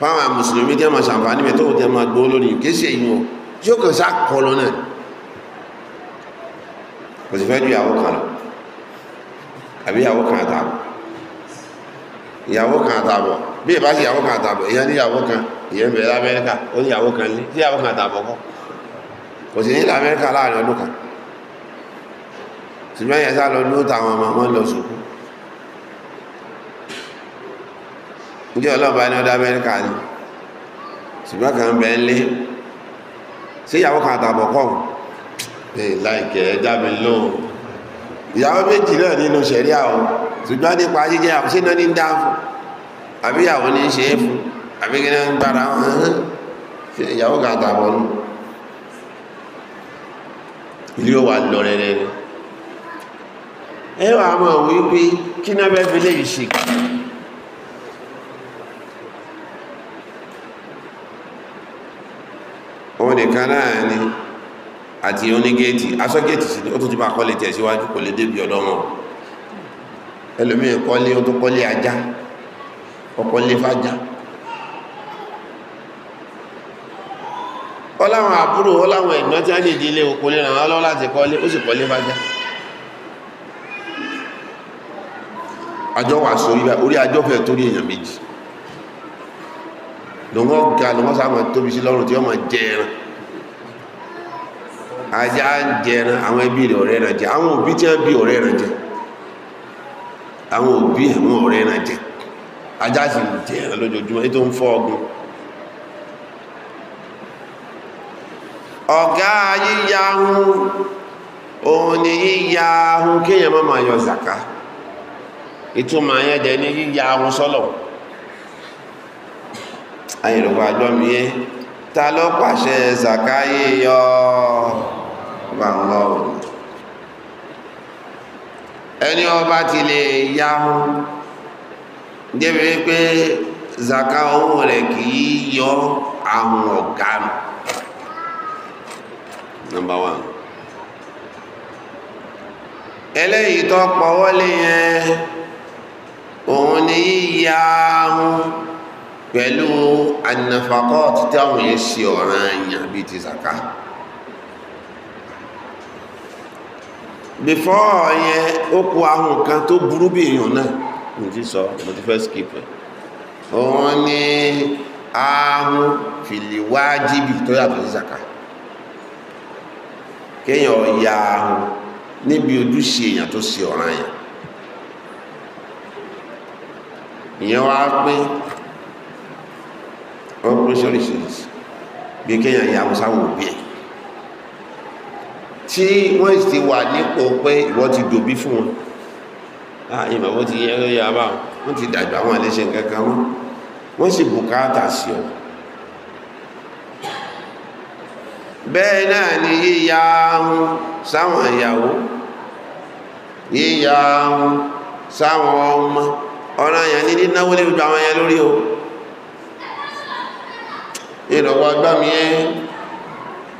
fáwọn mùsùlùmí jẹ́ máa ṣàǹfààní mẹ́tọ́ ò tẹ́ máa gbó lórí kí ṣe yìí o yóò kàn sá kọ́ lọ náà kò sì fẹ́ ju ìyàwó kan lọ àbí ìyàwó kan àtààbọ̀ ìyàwó kan àtààbọ̀ bí ìbá sí ìyàwó kan àtààbọ̀ èèyàn ní ìyàwó kan ìyẹn bẹ̀rẹ̀ lamẹ́ríkà ó ní ìyàwó kan lé sí ìyàwó kan àtààbọ̀ kọ́ kò sí ní lamẹ́ríkà láàrin ọdún kan ṣùgbọ́n ìyẹn sá lọ ní ó tàwọn ọmọ wọn lọ sùkú ǹjẹ́ ọlọ́ọ̀bá ní ọdún amẹ́ríkà ni ṣùgbọ́n kan bẹ̀ ń lé sí ìyàwó kan àtààbọ̀ kọ́ bẹ́ẹ̀ láìkẹ́ jábẹ́ lóhùn ìyàwó méjì náà nínú sẹ̀rí àwọn ṣùgbọ́n nípa jíjẹ àbúṣẹ́ná ní dá fún àbí ìyàwó ní ṣe é fún àbí kí náà ń gbára wọn ìyàwó kan àtàwọn nù ilé ó wà lọ rẹ̀rẹ̀ rẹ̀ ẹ wà mọ̀ wípé kí náà bẹ́ẹ̀ fi léyìí ṣe òun nìkan náà ni. àti onígéètì asọ́géètì sí ó tún ti máa kọ́lé tẹ̀ síwájú kò lè débi ọ̀dọ́ wọn ẹlòmíì kọ́lé ó tún kọ́lé ajá ọkọ̀lé fájá ọláwọn àbúrò ọláwọn ẹ̀gbọ́n tí a ní ìdílé òkú lè ràn án lọ́wọ́ kọ́lé ó sì kọ́lé fájá àjọ wà sórí orí àjọ fẹ́ torí èèyàn méjì lòun ọ̀gá lòun sáà tóbi sí lọ́rùn tí wọ́n máa ẹran ajá ń jẹran àwọn ẹbí ọ̀rẹ́ ẹran jẹ àwọn òbí tí wọ́n bí ọ̀rẹ́ ẹran jẹ àwọn òbí ẹ̀wọ̀n ọ̀rẹ́ ẹran jẹ ajá sì ń jẹ ẹran lójoojúmọ́ ní fọ́ ọgbọ́n ọ̀gá yíya ahun òun ni yíya ahun kéèyàn má máa yọ zàká ìtumọ̀ jẹ ní yíya ahun sọ́lọ̀ ta ló pàṣẹ ọba ńlọ òní ẹni ọba ti lè yá mú débi pé zaka owó rẹ̀ kì í yọ àwọn ọ̀gá nù number one eléyìí tó pọ̀wọ́lé yẹn òun ni yíya ahun pẹ̀lú anafakọ́ọ̀tì táwọn yẹn ṣe ọ̀ràn yàn bíi ti zaka. before yẹn ó kó ahùn kan tó burú bí èèyàn náà mo ti sọ mo ti fẹ́ skip ẹ̀ òun ni ahùn fìlì wájibì tó yàtọ̀ sí zaka kéèyàn ya ahùn níbi ojúṣe èèyàn tó ṣe ọ̀ràn yẹn ìyẹn wá pé wọ́n pín sóríṣiríṣi bí kéèyàn ya ahùn sáwọn òbí ẹ̀ tí wọ́n ti wà nípò pé ìwọ́n ti dòbí fún wọn láàyè ah, bàbá ti yẹ ẹ̀rọ yàrá wọ́n ti dàgbà wọn lè ṣe nǹkan kan wọ́n wọ́n sì bùkátà sí ọ bẹ́ẹ̀ náà ni yíya ahun sáwọn ìyàwó yíya ahun sáwọn ọmọ ọ̀nà àyàn ní nínáwó lè gbà àwọn ẹyẹ lórí o ìrọ̀wọ́ agbámi ẹ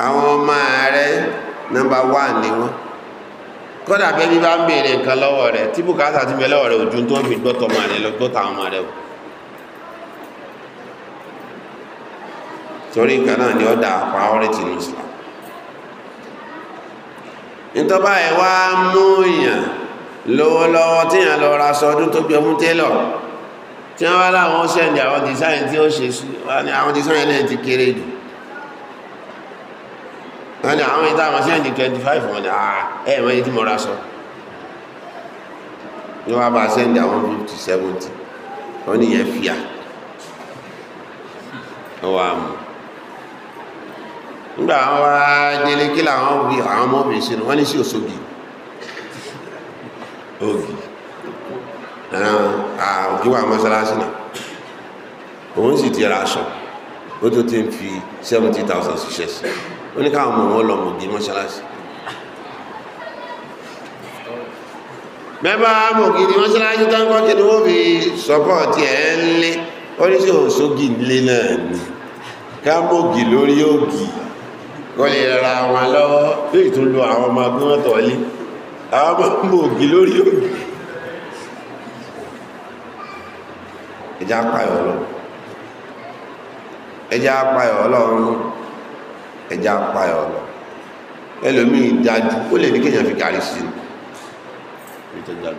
àwọn ọmọ rẹ̀ nọ́mbà wán ni wọ́n kódà pé bí bá ń béèrè nǹkan lọ́wọ́ rẹ̀ tí bùkátà ti bẹ lọ́wọ́ rẹ̀ ojú tó fi gbọ́tọ̀ ọmọ rẹ̀ lọ ọmọ rẹ̀ o torí nǹkan náà ni ó dà priority ní Islam nítọ́bá ẹ̀ wá mú èèyàn lówó lọ́wọ́ tí èèyàn lọ ra sọ ọdún tó gbé mú télọ̀ tí wọ́n wá láwọn ó ṣẹ̀ǹdì àwọn design tí ó ṣe sí àwọn design náà ti kéré jù wọ́n ní àwọn ìta àwọn sẹ́ǹdì twenty five wọ́n ní ah, ẹ̀ mọ́ iye tí mo ra sọ ní wọ́n bá sẹ́ǹdì àwọn fifty seventy wọ́n ní yẹn fìyà ọwọ́ àmọ́ nígbà wọn wá délé kí làwọn wí àwọn ọmọ mi sínú wọn ní sí òṣogì ògì ògì wà mọ́sálásí náà òun sì ti ra aṣọ ó tó ti ń fi seventy thousand ṣiṣẹ́ sí i ó ní káwọn ọmọ wọn lọ mọ̀gí mọ́ṣáláṣí mẹ́bà mọ̀gí ni mọ́ṣáláṣí tó ń kọ́ kí ni wọ́n fi sọ́pọ̀tì ẹ̀ ń lé oríṣi òṣógì nílé náà ni ká mọ̀gí lórí ògì kọ́ lè ra wọn lọ́wọ́ tó ìtún lo àwọn ọmọ agbọ́n tọ́lé àwọn ọmọ mọ̀gí lórí ògì ẹjá payọ̀ ọlọ́run ẹjá payọ̀ ọlọ́run ẹja payọ̀ lọ ẹlòmíì dájú ó lè ní kéèyàn fi kárí sí i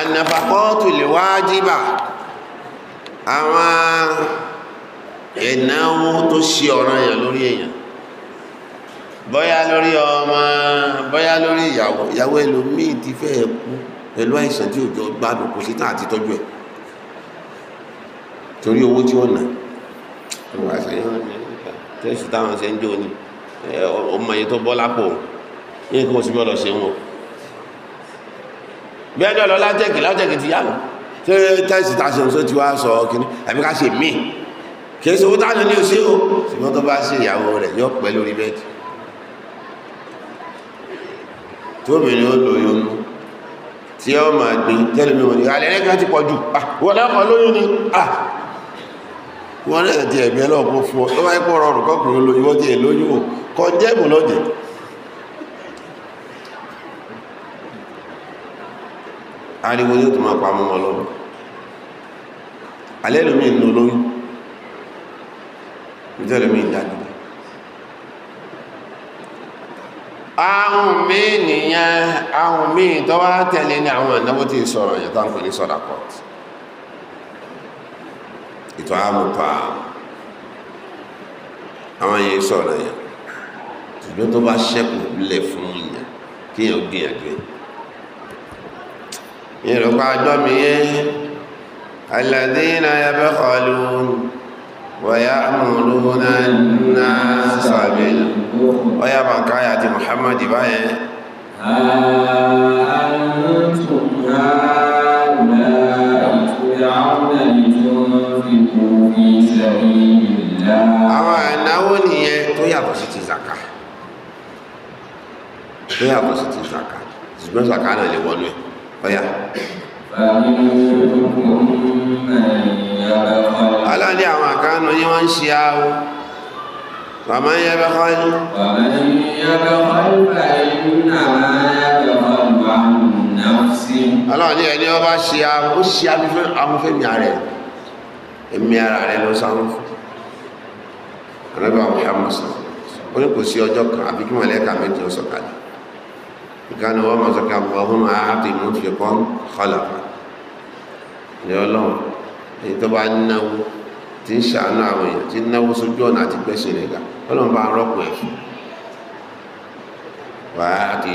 ànàfàkọ́tù lè wájíbà àwọn ìnáwó tó ṣe ọ̀ràn èèyàn lórí èèyàn bọ́yá lórí ọmọ bọ́yá lórí ìyàwó ìyàwó ẹlòmíì ti fẹ́ ẹ̀kú pẹ̀lú àìsàn tí òjò gbádùn kò sí tàà ti tọ́jú ẹ̀ torí owó tí ó náà wá sí tẹ́sí táwọn ṣe ń jó ni ọmọ yẹn tó bọ́ lápò yín kó o sì gbọ́dọ̀ ṣe wọn. bí ẹjọ́ lọ lájẹ̀kì lájẹ̀kì ti yá lọ ṣé tẹ́sí tá a ṣe ń sọ ti wá sọ kínní àbí ká ṣe míì kì í ṣe owó táwọn ní oṣù o ṣùgbọ́n tó bá ṣe ìyàwó rẹ̀ yọ pẹ́ lórí bẹ́ẹ̀dì tóbìnrin ó lóyún nù tí ó máa gbé tẹ́lẹ̀ mi alẹ́ rẹ̀ kí wọ́n ti pọ̀ jù ah, wọ́n lẹ́kọ̀ọ́ lóyún ni ah, wọ́n náà ti ẹ̀gbẹ́ lọ kó fún ọ tó wáyé pọ̀ rọrùn kọkùnrin lóyún wọ́n ti ẹ̀ lóyún o kọ jẹ́bù lọ́jẹ̀ ariwo yóò tún máa pa mọ́ lọ́wọ́ alẹ́ lómi ń lo lóyún ìjọ lómi ń dájú ahun mi nìyẹn ahun mi tọ́wọ́ tẹ̀lé ní àwọn ìnáwó tí ì sọ̀rọ̀ yẹn tó ń pè ní sọ̀dà kọ́ọ̀tù ìtọ́ àmùpà àwọn yẹn sọ̀rọ̀ yẹn ṣùgbọ́n tó bá ṣẹ́kù lẹ̀ fún yẹn kí yẹn ó gbìyànjú yẹn. yẹn ló pa mi yẹn alladhina yabkhalun wa ya'muruna an-nasa bil ọyá máa ká ayé àti Muhammad báyẹn. أنتم هؤلاء تدعون àwọn ìnáwó nìyẹn tó yàtọ̀ sí ti zaka tó yàtọ̀ sí ti zaka ṣùgbọ́n zaka náà lè wọnú ẹ̀ ọ̀yà. aláàdé àwọn àkànnù ni wọ́n ń ṣe àwọ̀ فمن يبخل فمن يبخل فإنما يبخل عن نفسه ọlọ́run ní ẹni ọba ṣe amúfẹ́mi ẹ̀mí ara rẹ̀ lọ sáwọn fún anábà Muhammad sọ ó ní kò sí ọjọ́ kan àbí kí mọ̀lẹ́ka méjì ó sọ̀kalẹ̀ ìkànnì wọ́n mọ̀ sọ́kà bọ̀ ọ̀hún àhàtì mú fi kọ́n kọ́là ní ọlọ́run èyí tó bá náwó tí ń ṣàánú àwọn èèyàn tí náwó sójú ọ̀nà àti gbẹ́sìn rẹ̀ gà ọlọ́run bá rọ́pò ẹ̀ fún wàá di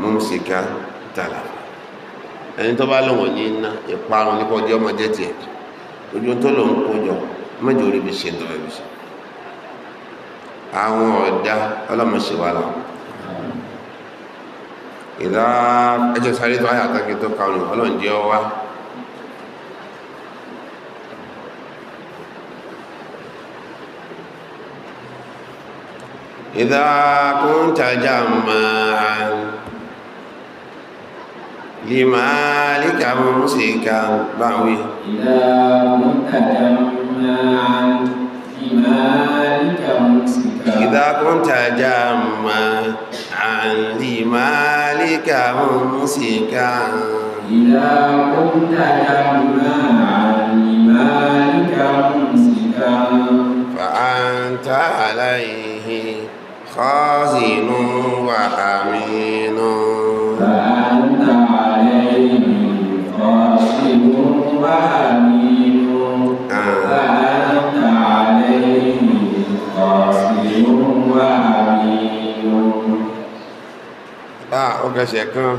mú sìkà tàlà ẹni tó bá lọ́wọ́ ní iná ìparun nípa ọjọ́ ọmọdé tiẹ̀ ojú tó lò ń kójọ mẹ́jọ orí bí ṣe dọ̀rọ̀ ibi ṣe àwọn ọ̀dá ọlọ́mọṣẹ́wà là ìdá ẹjọ́ sáré tó ayà tákì tó kàwọn ọlọ́njẹ́ ọwá ìdá kúntàjà máa لمالك ممسكا بعوي إذا كنت جمعا عن لمالك ممسكا إذا كنت جمعا عن لمالك ممسكا فأنت عليه خازن وأمين ọ̀gẹ̀ṣẹ̀ ah, kan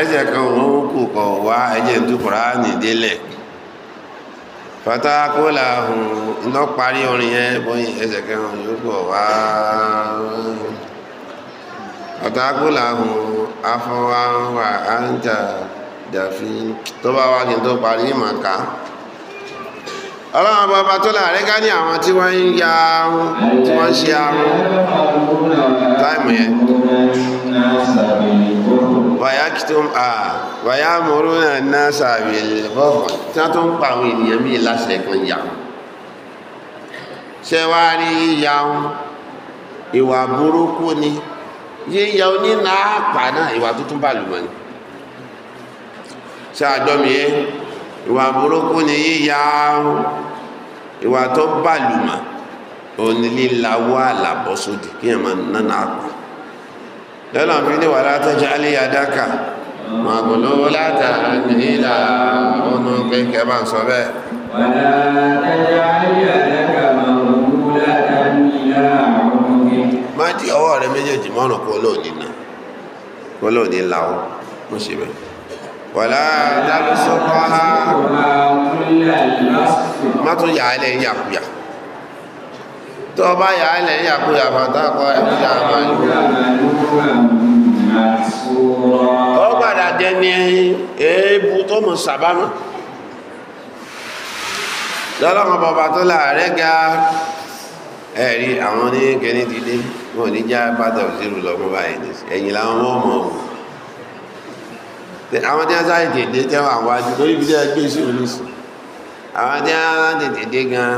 ẹ̀ṣẹ̀ kan òun kò kọ̀ wá ẹjẹ́ tó Kùránì délẹ̀ fàtàkólà ọ̀hún iná orin ẹ́ kan yóò kọ̀ àtàkùlàhùn afọwáwà áńjà dàfí tó bá wá kí n tó parí ìmọ̀ká ọlọ́run bàbá tó láàrẹ́ ká ní àwọn tí wọ́n ń ya ahun tí wọ́n ṣe ahun táìmù yẹn wàyákítún à wàyámúrú náà náà sàbìlì bọ́ọ̀fọ̀ tí wọ́n tó ń pa àwọn ènìyàn míì láṣẹ kan yà wọ́n ṣẹ́wárí yà wọ́n ìwà burúkú ni yíya oníná àpà náà ìwà tuntun bá lùmọ̀ ní ṣáàjọ́mi yẹ ìwà burúkú ni yíya ìwà tó bá lùmọ̀ onílélawọ́ àlàbọ̀ sódì kí ẹ̀mọ̀ nánà àpà lọ́nà fi ní wà látọ́jọ́ aléyà dáka màgùnló látàrí nílà ọ̀nà kẹ́kẹ́ bá ń sọ bẹ́ẹ̀ wà látọ́jọ́ aléyà dáka fi ọwọ́ rẹ méjèèjì mọ́rùn kó lóòní náà kó lóòní láwọ́ mú sí wọ̀lá ha má tún yà á lẹ̀ ń yàkúyà tó o bá yà á lẹ̀ ń yàkúyà fàtàkọ́ ẹ̀kúyà máa ń ó gbàdá jẹ́ ní èébú tó mọ̀ ga ẹ̀rí àwọn oníkẹ́ni ti dé wọn ò ní já bàtà òṣèlú lọ́mọ báyìí ní ẹ̀yìn làwọn ọmọ ọmọ ọmọ àwọn tí wọ́n sáré tètè tẹ́wọ̀ àwọn àti lórí ibi tí wọ́n gbé sí òní sí àwọn tí wọ́n tètè dé gan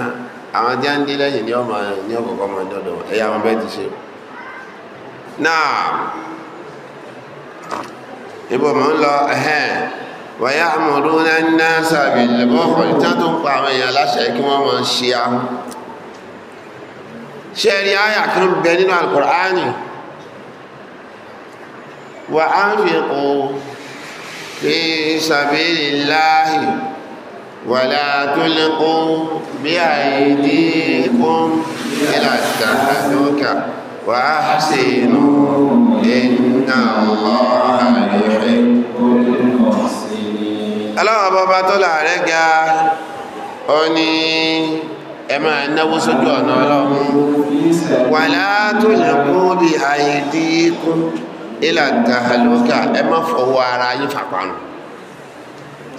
àwọn tí wọ́n dé lẹ́yìn ní ọmọ ní ọkọ̀ọ̀kọ̀ ọmọ dọ́dọ̀ ẹ̀yà wọn bẹ́ẹ̀ ti ṣe náà ibo mọ̀ ń lọ ẹ̀hẹ́n wàyá àmọ̀dún náà ń ná sàbìlì bọ́ọ̀fọ̀ ìtàn tó ń pa àwọn èèyàn láṣẹ kí wọ́n máa ṣe ahùn ṣe rí àyà kan bẹ nínú alkùránì wà á ń fi kò fi sabilillahi wà látó lẹ́kọ́ bí àìdí kún ilà tàbátọ́kà wà á sì inú iná ọ̀rọ̀ rẹ̀ aláwọ̀ bàbá tó láàrẹ́ ga ọ ni ẹ máa náwó sójú ọ̀nà ọlọ́run wà látò lè kó bí àìdí kún ilà tàhálùkà ẹ má fọwọ́ ara yín fàpanu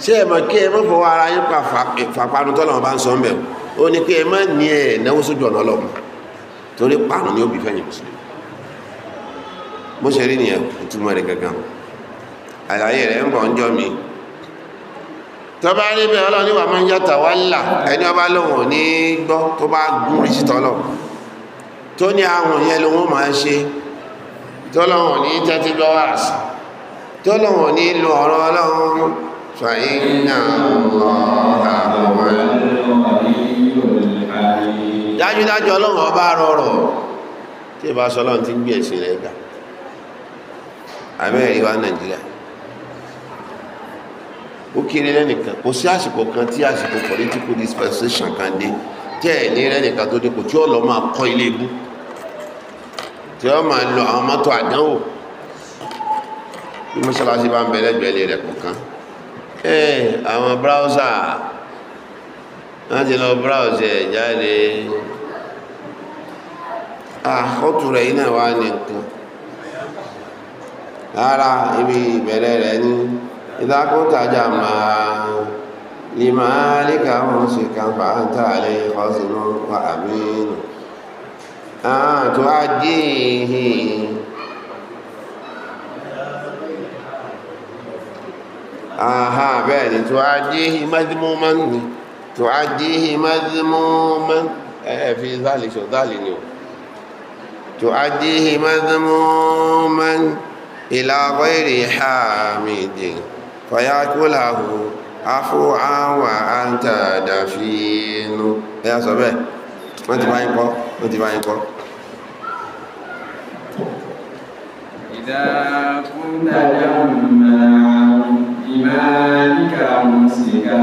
ṣé ẹ mọ̀ kí ẹ má fọwọ́ ara yín eh, fàpanu tọ́lọ̀ bá ń sọ ń bẹ̀ ní pé ẹ ní ẹ náwó sójú ọ̀nà ọlọ́run torí pàánù ni ó fẹ́yìn mùsùlùmí bó ṣe rí nìyẹn ìtumọ̀ rẹ̀ gangan àlàyé rẹ̀ ń bọ̀ ń jọ́ mi tó bá rí bẹ́ẹ̀ ọlọ́run níwà máa ń yàtà wá là ẹni ọba lòun ní gbọ́ tó bá gún rí sí tọ́lọ̀ tó ní àwọn yẹn lòun máa ń ṣe tọ́lọ́wọ̀n ní tẹ́tí gbọ́ wà sí tọ́lọ́wọ̀n ní lo ọ̀rọ̀ ọlọ́run fàyínà dájúdájú ó kéré lẹ́nìkan kò sí àsìkò kan tí àsìkò political dispensation kan dé tẹ́ ẹ̀ ní lẹ́nìkan tó dé kò tí ó lọ máa kọ́ ilé ibú tí ó máa lọ àwọn mọ́tò àdánwò bí mọ́ṣáláṣí bá ń bẹ lẹ́gbẹ̀ẹ́ rẹ̀ kọ̀ọ̀kan ẹ̀ àwọn bíráùsà láti lọ bíráùsì ẹ̀ jáde àkọ́tù rẹ̀ yìí náà wá ní nǹkan rárá ibi ìbẹ̀rẹ̀ rẹ̀ ní. إذا كنت جمعا لمالك ممسكا فأنت عليه خزن وأمين أن تؤديه آها بأن تؤديه مذموما تؤديه مذموما في ذلك شو ذلك تؤديه مذموما إلى غير حامد fàyàkúláhù afúháwà àǹtàdàfínú ẹ̀yà sọ bẹ́ẹ̀ wọ́n ti bá yín kọ́ wọ́n ti bá kọ́ إذا كنت لما إيمانك مسكا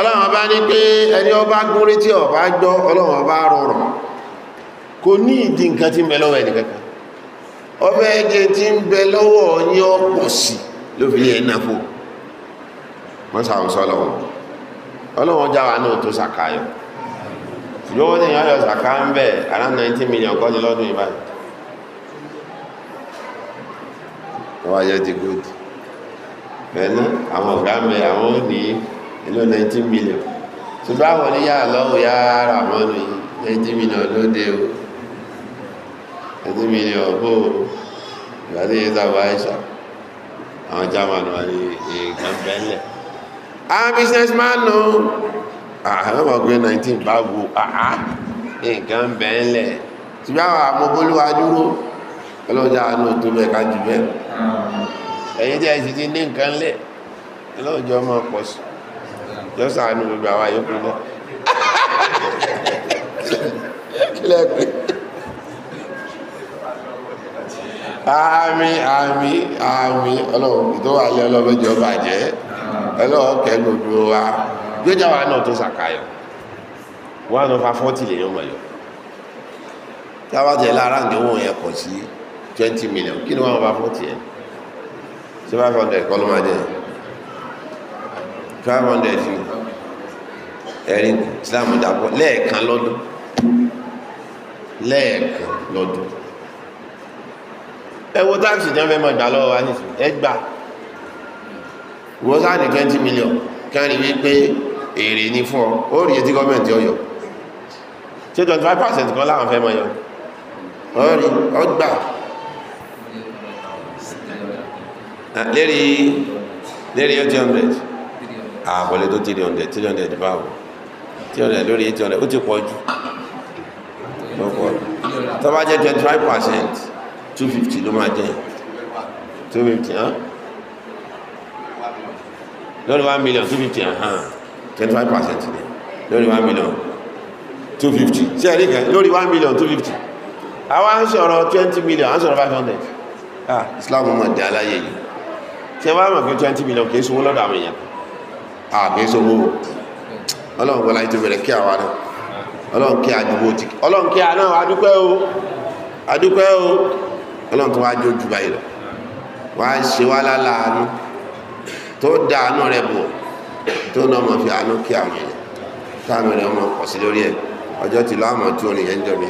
ọlọ́run ọba ní pé ẹni ọba gúnrí tí ọba gbọ́ ọlọ́run ọba rọrùn kò ní ìdí nǹkan tí ń bẹ lọ́wọ́ ẹnìkankan ọba ẹgẹ tí ń bẹ lọ́wọ́ ní ọ̀pọ̀ sí ló fi lé ẹ̀nà fò wọ́n sàwọn sọ lọ́wọ́ ọlọ́run ọjà wa náà tó sàkáyọ̀ ṣùgbọ́n wọ́n ní ìyá ọ̀yọ̀ sàká ń bẹ̀ around nineteen million good bẹ́ẹ̀ ní àwọn ọ̀gá ìlú 19 million ṣùgbọ́n àwọn oníyà lọ́wọ́ yá ara wọn ní 19 million ló dé o 19 million bó ìgbàdé ìsàbà ẹ̀ṣà àwọn german wà ní nǹkan A àwọn businessman no, àwọn ọmọ ọgbẹ́ 19 bá wo àá nǹkan bẹ́ẹ̀lẹ̀ ṣùgbọ́n àwọn àmọ́bólúwa dúró ọlọ́jà àánú tó bẹ̀ ká jù bẹ́ẹ̀ ẹ̀yin tí a sì ti ní nǹkan lẹ̀ ọlọ́jọ́ ọmọ pọ̀ sí yọ sànù gbogbo àwọn àyọkù náà kílẹ̀ pé àmín àmín àmín ọlọ́run tó wà lé ọlọ́run jọ bàjẹ́ ọlọ́run kẹ́ gbogbo wa gbéjà wa náà tó sàkáyọ̀ wọ́n lọ fa fọ́tì lè yọ táwa tẹ̀ lára ń gbowó yẹn kọ̀ sí twenty million kí ni wọ́n fa fọ́tì yẹn ṣé five hundred kọ́ ló máa jẹ́ yẹn five hundred ni ẹ̀rí islam dàpọ̀ lẹ́ẹ̀kan lọ́dún lẹ́ẹ̀kan lọ́dún ẹ wo táàkì jẹ́ fẹ́ mọ̀ gbà lọ́wọ́ wa nísìnyí ẹ gbà wọ́n sáà ní twenty million kẹ́rin wípé èrè ní fún ọ ó rí etí gọ́ọ̀mẹ̀ntì ọ̀yọ́ ṣé twenty five percent kan láwọn fẹ́ mọ̀ yọ ọ rí ọ gbà lérí lérí eight hundred àkọlé tó three hundred three hundred báwo three hundred lórí eight hundred ó ti pọ̀ jù ló tó bá jẹ́ twenty five percent two fifty ló máa jẹ́ two fifty lórí one million two fifty hàn uh-huh. five percent lórí one million two fifty ẹ̀rí kan lórí one million two fifty àwa ń twenty million à ń five hundred ah Islam mọ̀ dé aláyé yìí ṣé wàá mọ̀ pé twenty million kì í lọ́dọ̀ àwọn èèyàn àgbẹ̀ sówó ọlọ́run wọlá ètò bẹ̀rẹ̀ kí àwa náà ọlọ́run kí àdúgbò ti ọlọ́run kí àná adúpẹ́ o adúpẹ́ o ọlọ́run tó wá jó jù báyìí lọ wá ṣe wá láláàánú tó dá àánú rẹ̀ bọ̀ tó náà mọ̀ fi àánú kí táàmì rẹ̀ ọmọ pọ̀ sí lórí ẹ̀ ti lọ́ tí ó ní ẹjọ́ mi